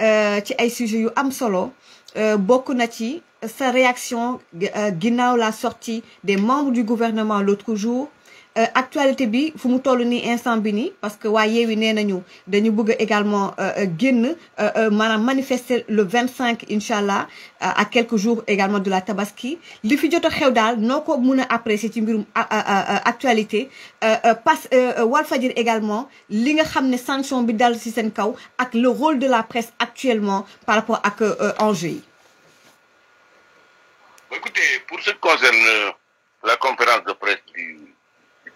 Euh, ci ay yu am solo euh sa réaction euh, ginnaw la sortie des membres du gouvernement l'autre jour euh, actualité bi fu mu toll instant parce que waa Yewwi nenañu dañu bëgg également euh, euh, génn manam manifester le 25 inshallah à quelques jours également de la tabaski li fi non xew dal une mëna actualité wal Walfadjri également li nga xamné sanction bi dal ci le rôle de la presse actuellement par rapport à enjeu Écoutez, pour ce qui concerne la conférence de presse du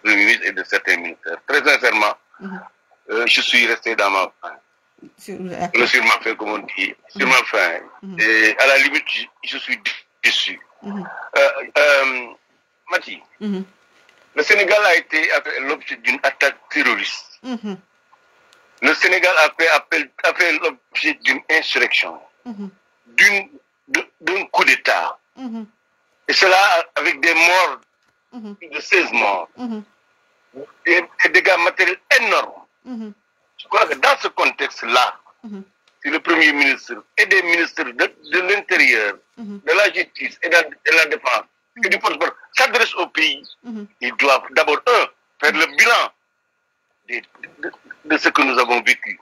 et de certains ministères. Très sincèrement, mhm. euh, je suis resté dans ma faim. Sur, sur ma faim, comme on dit. Sur ma faim. Mhm. Mhm. Et à la limite, je, suis déçu. Euh, euh le Sénégal a été l'objet d'une attaque terroriste. Le Sénégal a fait, a fait l'objet d'une insurrection, d'un coup d'État. Et cela avec des morts Mm-hmm. de 16 morts, mm-hmm. et des, dégâts matériels énormes. Mm-hmm. Je crois que dans ce contexte-là, si le Premier ministre et des ministres de, l'Intérieur, de la Justice et de, la Défense, et du porte s'adressent au pays, ils doivent d'abord, un, faire le bilan de, ce que nous avons vécu.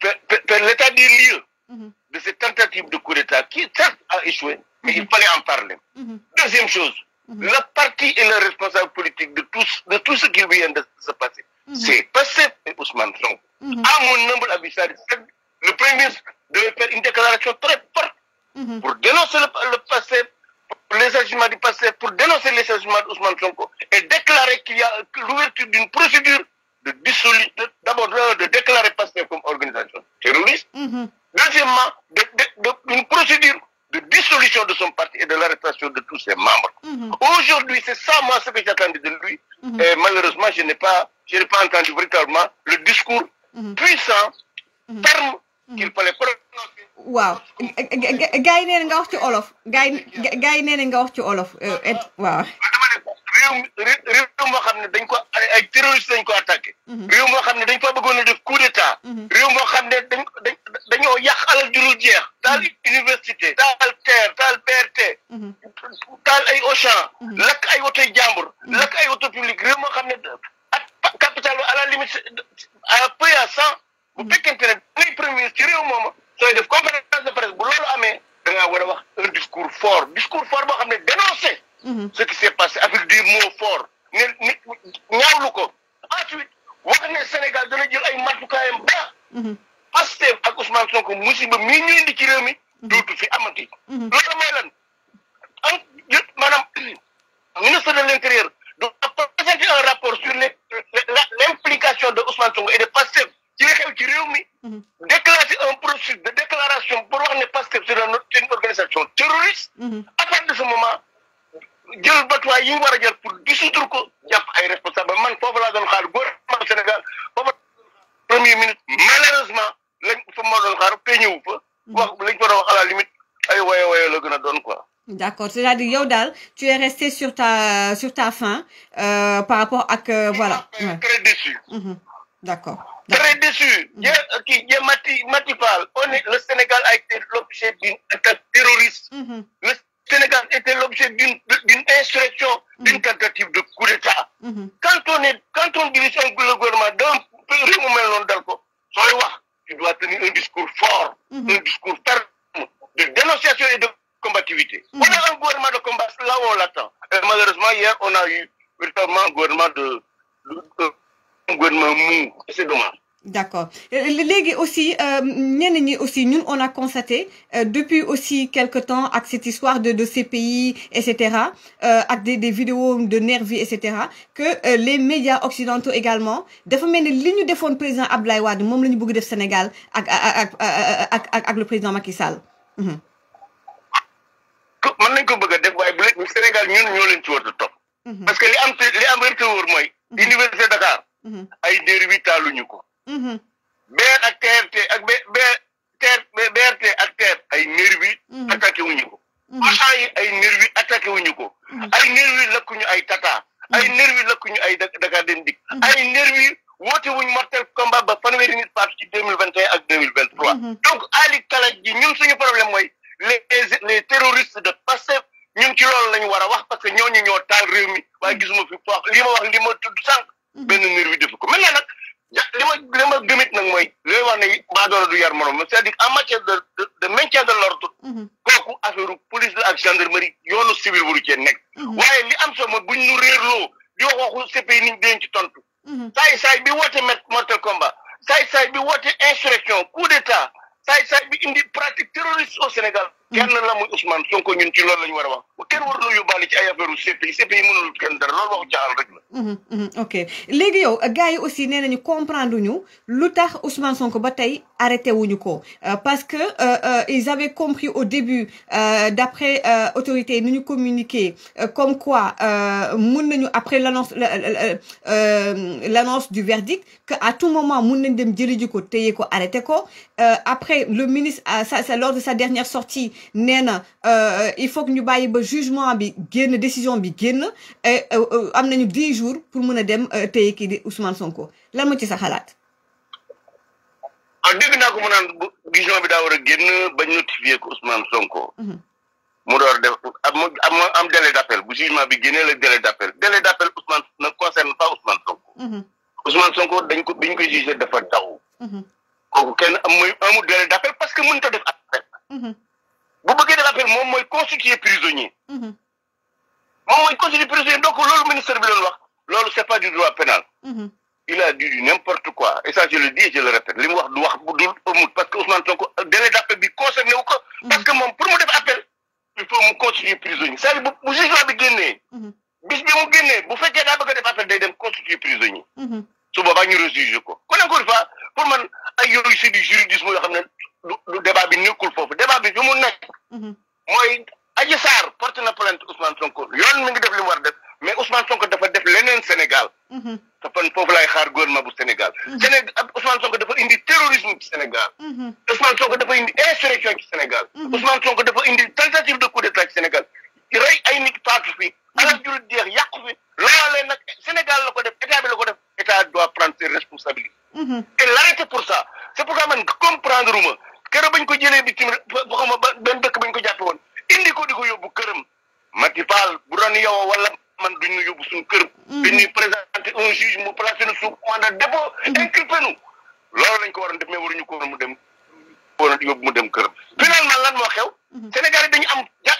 Faire, l'état des lieux de cette tentative de coup d'État qui, certes, a échoué, mais il fallait en parler. Deuxième chose, Mhm. Le parti est le responsable politique de tout, de tout ce qui vient de se passer. Mhm. C'est passé et Ousmane Sonko. Mhm. À mon humble avis, le Premier ministre devait faire une déclaration très forte pour dénoncer le, passé, pour les agissements du passé, pour dénoncer les agissements d'Ousmane Sonko et déclarer qu'il y a l'ouverture d'une procédure de dissolution, d'abord euh, de déclarer passé comme organisation terroriste, deuxièmement, une procédure de dissolution de son parti et de l'arrestation de tous ses membres. Mm -hmm. Aujourd'hui, c'est ça, moi, ce que j'attendais de lui. Mm -hmm. Et malheureusement, je n'ai pas, je n'ai pas entendu véritablement le discours mm -hmm. puissant, mhm. ferme, mhm. qu'il fallait prononcer. waaw gars yi nee na nga wax ci olof. gars yi gars yi nee na nga wax ci olof. Euh, waaw. réew réew moo xam ne dañ ko ay terroristes dañ ko attaqué. Mhm. réew moo xam ne dañ fa bëggoon a def coup d'état. réew moo xam ne dañ dañ dañoo yàq alal jurul jeex dal mm-hmm. université dal TER daal BRT mm-hmm. dal ay Auchan mm-hmm. lakk ay oto jàmbur lakk ay oto public réew moo xam ne ak capital ba à la limite à peu à cent bu fekkente ne ngay premier ministre ci réew mooma sooy def conférence de presse bu loolu amee da ngaa war a wax un discours fort discours fort boo xam ne dénoncé ce qui s'est passé avec des mots forts ne ñaawlu ko Ousmane Sonko musiba mii ñu indi ci réew mi. Mhm. dootu fi amati. Mhm. loolu mooy lan en yëpp maanaam ministre de l' intérieur doit présenter un rapport sur les l' implication de Ousmane Sonko et de Pastef ci li xew ci réew mi. Mhm. déclencher un processus de déclaration pour wax ne Pastef c' est une organisation terroriste. à partir de ce moment jël batuwaay yi ñu war a jël pour dissoudre ko. d'accord c'est-à-dire yodal. tu es resté sur ta sur ta faim euh, par rapport à... que euh, voilà. très déçu. Mhm. d'accord très déçu. Il y a Mati le Sénégal a été l'objet d'une attaque terroriste. Mhm. le Sénégal a été l'objet d'une insurrection. Mhm. d'une tentative de coup d'État. quand on est quand on dirige un gouvernement dans le même tu dois tenir un discours fort. un discours de dénonciation et de combativité. Mmh. On a un gouvernement de combat, là où on l'attend. malheureusement, hier, on a eu véritablement un gouvernement de, de, de un gouvernement mou. C'est dommage. D'accord. Euh, les aussi, euh, aussi, nous, on a constaté euh, depuis aussi quelques temps avec cette histoire de, de pays, etc., euh, avec des, des vidéos de nervis, etc., que euh, les médias occidentaux également, dafa mel ni li ñu président Abdoulaye Wade moom la Sénégal ak ak ak le président Macky Sall. Mhm. mën nañ ko bëgg a def waaye bu leen Sénégal ñun ñoo leen ci war a topp. Mhm. parce que li am li am wér te wóor mooy. Mhm. université Dakar. Mhm. ay dér wi taaluñu ko. BR ak TRT ak BRT ak TR ay nervi attaqué wuñu ko. Auchan yi ay nervi attaqué wuñu ko. ay nervi lakkuñu ay tata. ay nervi lakkuñu ay Dakar Dem Dikk. ay nervi woote wuñ mortel combat ba fanweeri nit faatu ci deux mille vingt et un ak deux mille vingt trois. donc Ali Kalaj ji ñun suñu problème mooy. les les terroristes de Pastef ñun ci lool la ñu war a wax parce que ñooñu ñoo taal réew mi waaye gisuma fi foox li ma wax li ma tudd sànq. Mhm. benn niir bi def ko maintenant nag li ma gëmit nag mooy looy wax ne baadoolo du yar morom c'est-à-dire en matière de de maintien de l'ordre mhm. kooku affaire police la ak gendarmerie yoonu civil waru cee nekk. Mhm. waaye li am solo mooy buñ ñu réerloo di wax waxu CPI niñ denc ci tontu. saay saay bi woote mortel combat saay saay bi woote insurrection coup d'état saay-saay bi indi pratique terroriste au Sénégal kenn la muy Ousmane Sonko ñun ci loolu la ñu war a wax kenn war na yóbbaale ci ay affaire CPI CPI mënul kenn dara loolu waxu caaxaan rek la ok léegi yow gars yi aussi nee nañu comprendre ñu lu tax Ousmane Sonko ba tey arrêté vous euh, parce que euh, euh, ils avaient compris au début d'après autorité nous nous ñu comme quoi après l'annonce l'annonce du verdict qu'à tout moment dem après le ministre ça lors de sa dernière sortie nena il faut que nous bàyyi ba jugement bi décision bi nous et nous dix jours pour que a dem téye kii Ousmane Sonko lan ci sa ah dégg naa ko mu naan vision bi daa war a génn bañ notifié ko Ousmane Sonko. Mhm. mu door def am am am délai d' appel bu jugement bi génnee la délai d' appel délai d' na Ousmane ne concerne pas Ousmane Sonko. Mhm. Ousmane Sonko dañ ko biñ koy jugé dafa daw. Mhm. kooku kenn am muy amul délai d' appel parce que mënut a def appel. bu bëgge def appel moom mooy constitué prisonnier. moom mooy constitué prisonnier donc loolu ministère bi doon wax loolu c' est pas du droit pénal. il a dit du n'importe quoi et ça je le dis et je le répète li mu wax du wax bu dul parce que Ousmane Sonko délai d'appel bi concerné wu ko. Mmh. parce que moom pour mu def appel. il faut mu constituer prisonnier c'est-à-dire bu bu jugement bi génnee. Mmh. bis bi mu génnee bu fekkee daa bëgg a def appel day dem constituer prisonnier. Mmh. su boobaa ñu rejuge ko kon encore une fois pour man ay yooyu c'est du juridisme yoo xam ne du du débat bi nekkul foofu débat bi fi mu nekk. mooy Adji Sarr porte na plainte Ousmane Sonko yoon mi ngi def li mu war a def mais Ousmane Sonko dafa def leneen Sénégal. te mm-hmm. fan foofu laay xaar gouvernement bu Sénégal. Mm-hmm. Sénégal ak Ousmane Sonko dafa indi terrorisme ci Sénégal. Mm-hmm. Ousmane Sonko dafa indi insurrection ci Sénégal. Ousmane dafa indi tentative de coup d'état ci Sénégal. rey ay nit faatu fi. alal juru jeex yàqu fi. loolee nag Sénégal la ko def état ko def état doit prendre ses responsabilités. et l'arrêter pour sa c'est pourquoi man comprendre uma keroog bañ ko jëlee bitim ba xam ma benn dëkk bañ ko jàppe woon indi ko di ko yóbbu këram. Mati Fall bu doon yow wala. man duñ ñu yóbbu suñu kër. Mm-hmm. dañuy présenter un juge mu placé nu sous mandat de dépôt. Mm-hmm. inculpé nu loolu lañ ko waroon def mais waruñu ko mu dem waroon yóbbu mu dem kër. finalement lan moo xew. Mm-hmm. Sénégal dañu am ja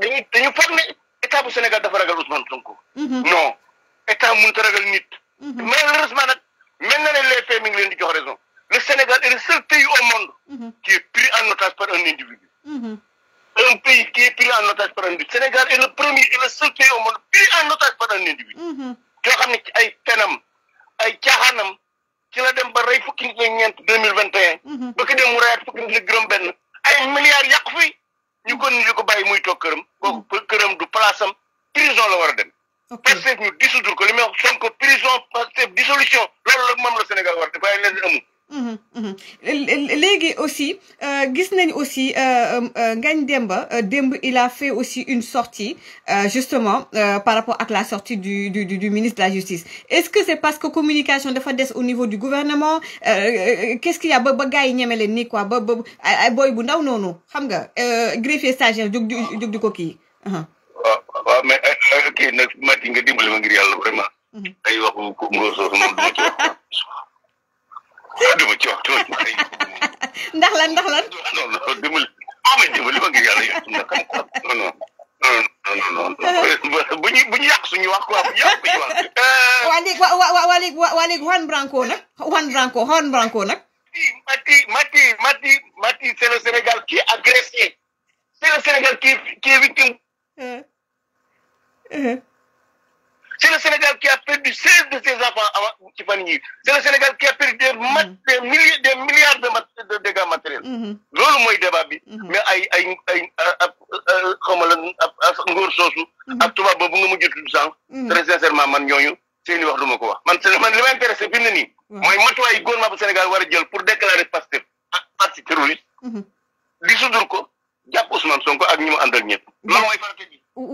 dañuy dañu foog ne état bu Sénégal dafa ragal Ousmane Sonko. no état mu a ragal nit. mais nag mel na ne les faits mi ngi leen di jox raison le Sénégal est le seul pays au monde. qui est pris en otage par un individu. un pays qui est pris en otage par un individu. Sénégal est le premier et le seul pays au monde pris en par un individu. Mhm. yoo xam ne ci ay fenam ay caaxaanam ci la dem ba rey fukki nit ak ñeent deux mille vingt et un. Mhm. ba dem mu reyaat fukki nit ak juróom-benn. ay milliards yàqu fi ñu kon ñu ko bàyyi muy toog këram. kooku mhm. këram du place am prison la war a dem. Pastef ñu dissoudre ko li may Sonko prison Pastef dissolution loolu la moom la Sénégal war a def waaye leen amul. Mm-hmm, mm-hmm. Légué aussi euh, gis aussi euh, euh, Demba il a fait aussi une sortie justement par rapport à la sortie du ministre de la justice est-ce que c'est parce que communication de au niveau du gouvernement qu'est-ce qu'il y a waaw dama coow coow ndax lan ndax lan. non non dimbali ah ma dimbali ma ngi yàlla yàlla na xam non non. non non non bu ñu bu ñu yàq suñu wax quoi bu ñu yàq suñu wax. waa léegi wa wa waa léegi waa léegi Juan Branco nag Juan Branco Juan Branco nag. Mati Mati Mati Mati c'est le Sénégal qui est agressé c'est le Sénégal qui qui est victime. Eh. Eh. C'est le Sénégal qui a perdu 16 de ses enfants avant Tiffany. C'est le Sénégal qui a perdu des, mm-hmm. mat, des, milliards de, mat, de dégâts matériels. Mm-hmm. loolu mooy débat bi. Mm-hmm. mais ay ay ay ab xaw ma la ab ngóor soosu. ak tubaab boobu nga mujj tudd sànq. très sincèrement man ñooñu seeni wax du ma ko wax man man li ma intéressé ni mu ne nii. mooy matuwaay gouvernement bu Sénégal war a jël pour déclarer Pastef ah, parti terroriste.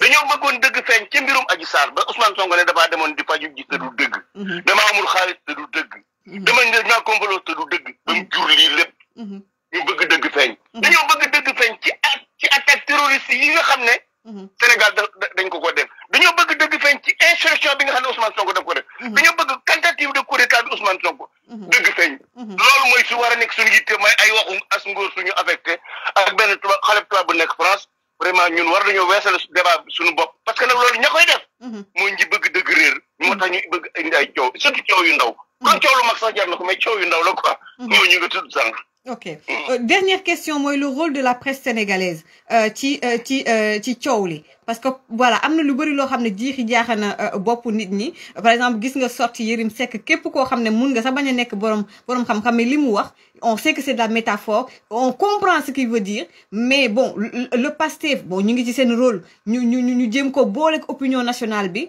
dañoo bëggoon dëgg feeñ ci mbirum Adji Sarr ba Ousmane Sonko ne damaa demoon di faju ji te du dëgg. Mhm. dama amul xaalis te du dëgg. Mhm. dama njëriñ naa complot te du dëgg. ba mu lépp. Mhm. ñu bëgg dëgg feeñ. dañoo bëgg dëgg feeñ ci at ci attaque terroriste yi nga xam ne. Sénégal dañ ko ko def dañoo bëgg dëgg feeñ ci insurrection bi nga xam ne Ousmane Sonko daf ko def. dañoo bëgg tentative de coup d'état bi Ousmane Sonko. dëgg feeñ. loolu mooy su war a nekk suñu yitte may ay waxu as ngóor suñu affecté ak benn tubaab xale tubaab bu nekk France. vraiment ñun war nañoo weesal débat suñu bopp parce que nag loolu ña koy def. Mhm. mooy ñi bëgg dëgg réer. Mhm. moo tax ñu bëgg indi coow surtout coow yu ndaw. Mhm. kon coow lu mag sax jar na ko mais coow yu ndaw la quoi. ñooñu nga tudd sànq. ok euh, dernière question moi, le rôle de la presse sénégalaise euh, ci euh, ci ci coow parce que voilà am lu bari lo xam ne jiixi jaaxa na bopp nit ñi par exemple gis nga sorti Yérim Seck képp ko xam mën nga sa que nek borom borom xam-xam li wax on sait que c'est de la métaphore on comprend ce qu'il veut dire mais bon le Pastef bon ñu ngi ci sen rôle ñu ñu ñu jëm ko booleeg opinion nationale bi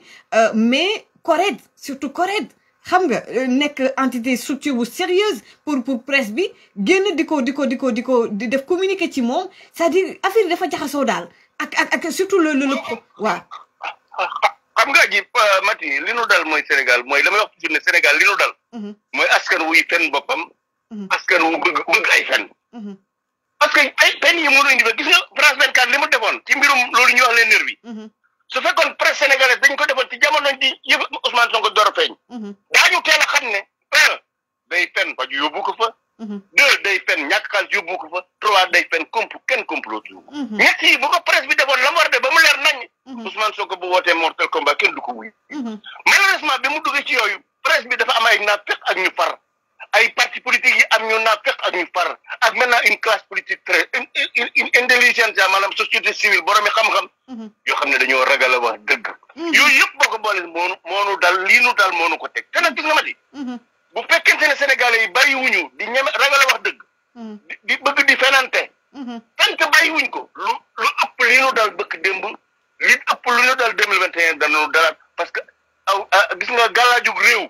mais correct, surtout correct xam nga euh, nekk entité structure bu sérieuse pour pour presse bi génn di ko di ko di ko di ko di def communiquer ci moom c'est-à-dire affaire dafa jaxasoo daal ak ak ak surtout le le waaw. xam nga ji euh, Mati li nu dal mooy Sénégal mooy damay wax ci ne Sénégal li nu dal. Mhm. mooy askan wuy fenn boppam. Mhm. askan wu bëgg bëgg ay fenn. Mhm. parce que ay fenn yi mënu indi ba gis nga France 24 li mu defoon ci mbirum loolu ñu wax le nerf bi. su fekkoon presse sénégalaise dañ ko defoon si jamono ji yëf Ousmane Sonko door a feeñ. Mhm. daañu teel a xam ne un day fen ba yóbbu ko fa. Mhm. deux day fen ñàkk xaalis yóbbu ko fa trois day fen komp kenn complootu ko. Mhm. ñett yi bu ko presse bi defoon la mu war de ba mu leer nañ. Ousmane Sonko bu wootee mortel combat kenn du ko wuy. malheureusement bi mu duggee ci yooyu presse bi dafa am ay naaf ak ñu far. ay parti politique yi am ñu naafeq ak ñu far ak maintenant une classe politique très une intelligence manam société civile borom xam-xam yo xamne mhm. dañu mhm. dañoo ragal wax deug yooyu yëpp boo bolé monu moonu dal li nu dal monu ko tek te nag ma mhm. di bu fekkente ne sénégalais yi wuñu di ñeme ragal wax deug di bëgg di tan tant bayyi wuñ ko lu lu ëpp lii nu dal bëkk demb li upp lu nu dal 2021 dañu vingt parce que gis nga galaju rew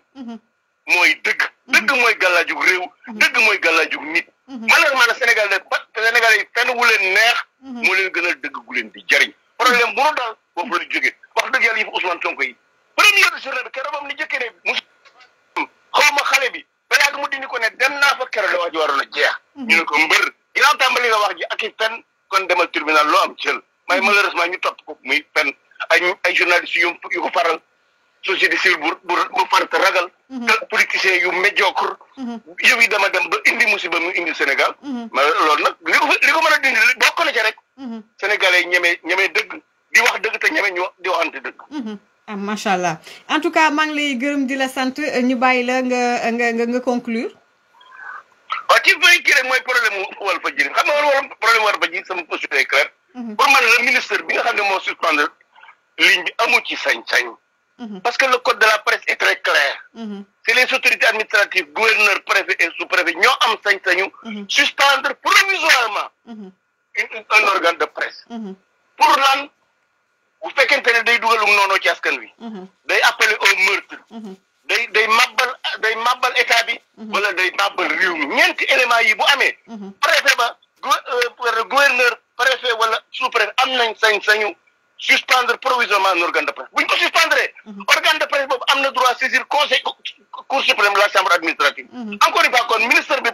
moy deug dëgg mooy gàllaajug réew mhm. dëgg mooy gàllaajug nit mhm. malheureusement na Sénégal de ba Sénégal yi fenn wu leen neex mhm. moo gën gënal dëgg gu leen di jariñ problème bu nu daal foofu la jóge wax dëgg yàlla yi fi Ousmane Sonko yi première journée bi keroog moom ni jëkkee ne mus ma xale bi balaa mu dindi ko ne dem naa fa keroog la wax a jeex ñu ne ko mbër dinaa tàmbali nga wax ji ak i fenn kon demal tribunal loo am jël may malheureusement ñu topp ko muy fenn ay ay yu faral société civile bu bu bu farata ragal. ak mhm. politiciens yu médiocre. Mhm. yëf dama dem ba indi ba mu indi Sénégal. Mhm. ma lool nag li ko li dindi bokk na ci rek. Sénégalais ñeme ñeme dëgg di wax dëgg te ñeme ñu di waxante dëgg. ah macha allah en tout cas maa ngi lay di la sant ñu bàyyi la nga nga nga nga conclure. waaw ci may kii rek mooy problème mu Walfadjri xam nga wala problème Walfadjri sama position est claire. pour man la ministre bi nga xam ne moo suspendre ligne bi amu ci sañ-sañ. Mhm. Parce que le code de la presse est très clair. Mhm. C'est les autorités administratives, gouverneurs, préfets et sous-préfets, ñoo am sañ-sañu mhm. suspendre provisoirement organe de presse. pour lan bu fekkente ne day dugalum noonu ci askan wi. day appeler au meurtre. day day màbbal day màbbal état bi. wala day màbbal réew mi ñeenti éléments yi bu amee. préfet ba euh, gouverneur préfet wala sous-préfet am nañ sañ-sañu. suspendre provisoirement un organe de presse bu ñu suspendre. Mhm. organe de presse boobu am na droit saisir conseil cour la chambre administrative. Mhm. encore une fois kon ministre bi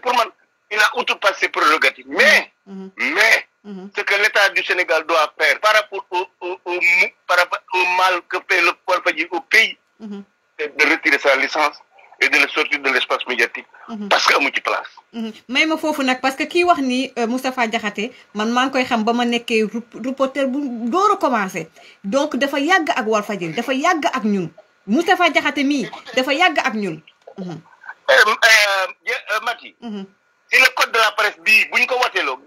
il a outrepassé ses prérogatives mais. Mhm. mais. ce que l'État du Sénégal doit faire par rapport au mal que fait le Walfadjri au de retirer sa licence. et de le sortir de l' médiatique. Mhm. parce que amu ci place. Mhm. may ma foofu nag parce que ki wax ni euh, Moustapha Diakhaté man maa ngi koy xam ba ma nekkee reporter bu door a commencé donc dafa yàgg ak Walfadjri dafa yàgg ak ñun Moustapha Diakhaté mii dafa yàgg ak ñun. Mhm. Euh, euh, Mati. si le code de la presse bii bu ñu ko wateeloo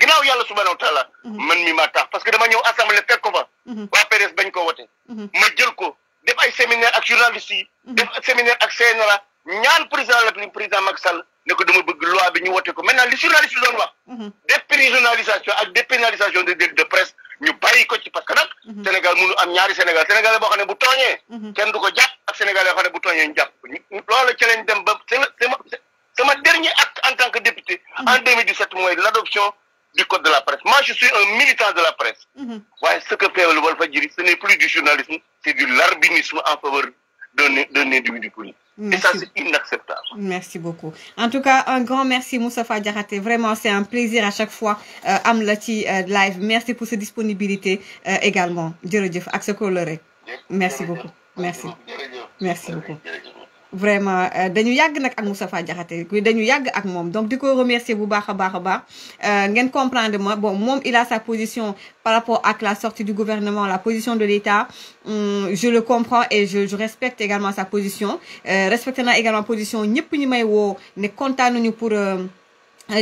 ginnaaw yàlla subhanahu wa taala man mi maa tax parce que dama ñëw assemblée fekk ko fa. waa PDS bañ ko wote. ma jël ko. def ay séminaire ak journaliste yi. Mm-hmm. séminaire ak CNRA ñaan président la président Macky Sall ne ko dama bëgg loi bi ñu wote ko maintenant li journaliste bi doon wax. Mm-hmm. dépénalisation ak dépénalisation des délits de presse ñu bàyyi ko ci parce que nag. Mm-hmm. Sénégal mënu am ñaari Sénégal Sénégal boo xam ne bu tooñee. kenn du ko jàpp ak Sénégal yoo xam ne bu tooñee ñu jàpp loolu ci lañ dem ba sama sama dernier acte en tant que député. en 2017 mooy l' adoption. du code de la presse. Moi, je suis un militant de la presse. Mhm. Ouais, ce que fait le Walfadjiri, ce n'est plus du journalisme, c'est du larbinisme en faveur d'un individu politique. Et ça, c'est inacceptable. Merci beaucoup. En tout cas, un grand merci, Moussa Diakhaté. Vraiment, c'est un plaisir à chaque fois. Euh, Amlati euh, Live, merci pour cette disponibilité euh, également. Merci beaucoup. Merci. Merci beaucoup vraiment euh, dañu Yag nak ak Moustapha Diakhaté dañu yag ak mom donc du coup remercier bu baax a baax euh comprendre moi bon mom il a sa position par rapport à la sortie du gouvernement la position de l'État hum, je le comprends et je je respecte également sa position euh, respecte également position ñepp ñi may wo ne kontaan ñu pour euh,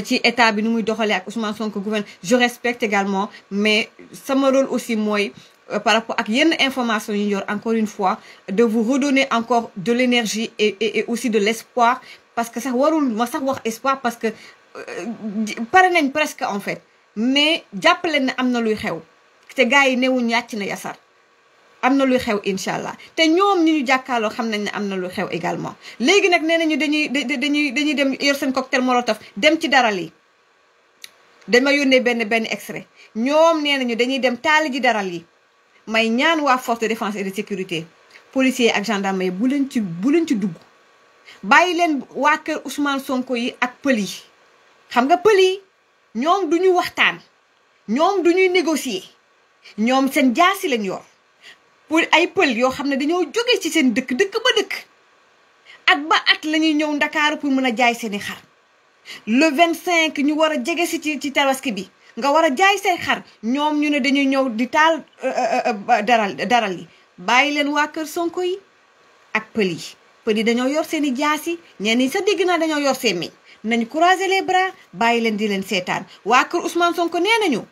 ci état bi nu muy doxalee ak Ousmane Sonko gouvernement je respecte également mais sama rôle aussi moy euh, par rapport à une information encore une fois, de vous redonner encore de l'énergie et, et, aussi de l'espoir. Parce que ça va savoir espoir parce que euh, presque en fait. Mais j'appelle amna luy xew té gaay neewuñ yacc na yassar amna luy xew inshallah té ñom ñi ñu jakkalo xam nañ amna luy xew également légui nak nénañu dañuy dañuy dañuy dem yor sen cocktail molotov dem ci dara li dama yónnee benn benn extrait ñoom nee nañu dañuy dem taali ji daral yi may ñaan waa force de défense et de sécurité policiers ak gendarme yi bu leen ci bu ci dugg bàyyi leen waa kër Ousmane Sonko yi ak pël yi xam nga pël yi ñoom du ñuy waxtaan ñoom du ñuy négocier ñoom seen jaasi lañ yor pour ay pël yoo xam ne dañoo jóge ci seen dëkk dëkk ba dëkk at ba at la ñëw ndakaaru pour mën a jaay seen seeni xar le 25 ñu war a jege si ci ci tabaski bi. nga war a jaay say xar ñoom ñu ne dañuy ñëw di taal euh, euh, euh, daral daral yi bàyyi leen waa kër Sonko yi ak pël yi pël yi dañoo yor seen i jaas yi ñenn ñi sa dégg naa dañoo yor seen nañ croiser les bras bàyyi leen di leen seetaan waa kër Ousmane Sonko nee nañu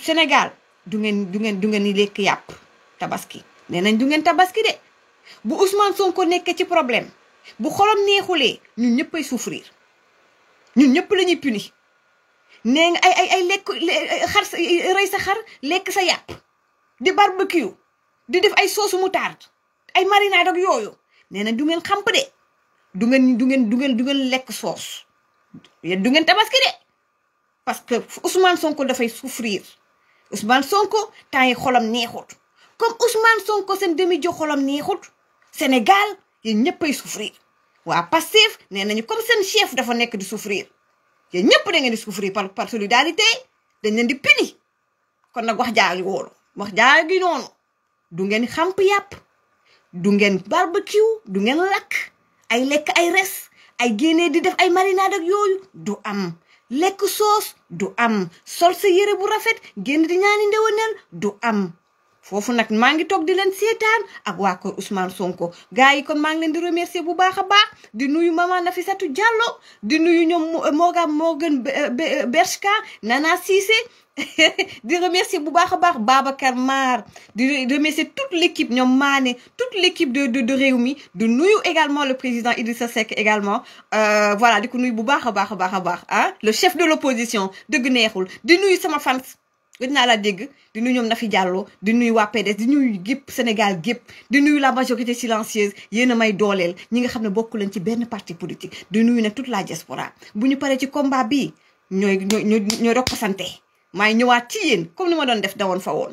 senegal du ngeen du ngeen du ngeen di lekk yàpp tabaski nee nañ du ngeen tabaski de bu Ousmane Sonko nekkee ci problème bu xolom neexulee ñun ñëppay souffrir ñun ñëpp la ñuy nee nga ay ay ay lekk xar rey sa xar lekk sa yàpp di barbecue di def ay soosu moutarde ay marinade ak yooyu nee na du ngeen xamp de du ngeen du ngeen du ngeen du ngeen lekk soos yéen du ngeen tabaski de parce que Ousmane Sonko dafay souffrir Ousmane Sonko temps yi xolam neexut comme Ousmane Sonko seen demi jo xolam neexut Sénégal yéen ñëppay souffrir waa Pastef nee nañu comme seen chef dafa nekk di souffrir. yéen ñëpp da ngeen di souffrir par par solidarité dañ leen di pini kon nag wax jaa ngi woonu wax jaa ngi noonu du ngeen xamp yàpp du ngeen barbecue du ngeen lakk ay lekk ay res ay génnee di def ay marinade ak yooyu du am lekk soos du am sol sa yére bu rafet génn di ñaani ndeweneel du am foofu nak maa ngi toog di len setan ak wa ko Ousmane Sonko ga yi kon maa ngi leen di remercier bu baax a baax di nuyu mama Nafissatou Diallo di nuyu ñoom Moga Morgan Berska, Nana Cissé di remercier bu baax a baax Babacar Mar di remercier toute l'équipe ñom Mané toute l'équipe de de de Rewmi di nuyu également le président Idrissa Seck également euh voilà di ko nuyu bu baax a baax a baax hein le chef de l'opposition deug neexul di nuyu sama fans gëj naa laa dégg di nuyu ñoom Nafi Diallo di nuyu waa PDS di nuyu gépp Sénégal gépp di nuyu la majorité silencieuse yéen a may dooleel ñi nga xam ne bokk leen ci benn parti politique di nuyu nag toute la diaspora bu ñu paree ci combat bii ñooy ñooy ñooy rokk sante maay ñëwaat ci yéen comme ni ma doon def dawoon fa woon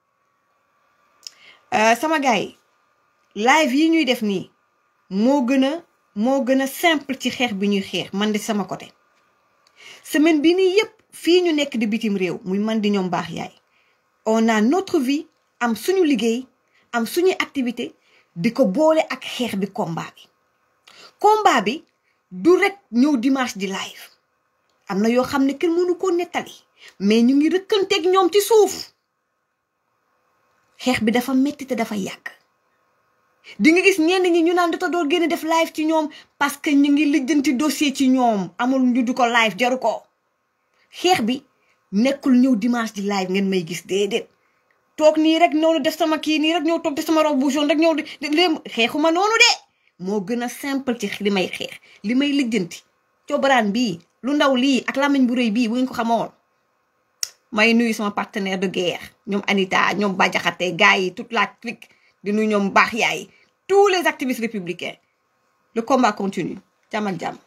Euh, sama gars yi live yi ñuy def nii moo gën a moo gën a simple ci xeex bi ñuy xeex man de sama côté semaine bi nii yépp fii ñu nekk di bitim réew muy man di ñoom baax yaay on a notre vie am suñu liggéey am suñu activité di ko boole ak xeex bi combat bi combat bi du rek ñëw dimanche di live am na yoo xam ne kenn mënu koo nettali mais ñu ngi rëkkanteeg ñoom ci suuf xeex bi dafa métti te dafa yàgg di nga gis ñenn ñi ñu naan du ta door génn def live ci ñoom parce que ñu ngi lijjanti dossier ci ñoom amul ñu du ko live jaru ko xeex bi nekkul ñëw dimanche di live ngeen may gis déedéet toog nii rek noonu def sama kii nii rek ñëw toog def sama robe bu jaune rek ñëw léem xeexuma noonu de moo gën a simple ci li may xeex li may lijjanti cobaraan bi lu ndaw lii ak làmmiñ bu rëy bii bu ngeen ko xamoon may nuyu sama partenaire de guerre ñom Anita nyom sommes gaay yi toute la clique di nous, ñom sommes yaay tous les activistes républicains le combat continue Jamal Jam.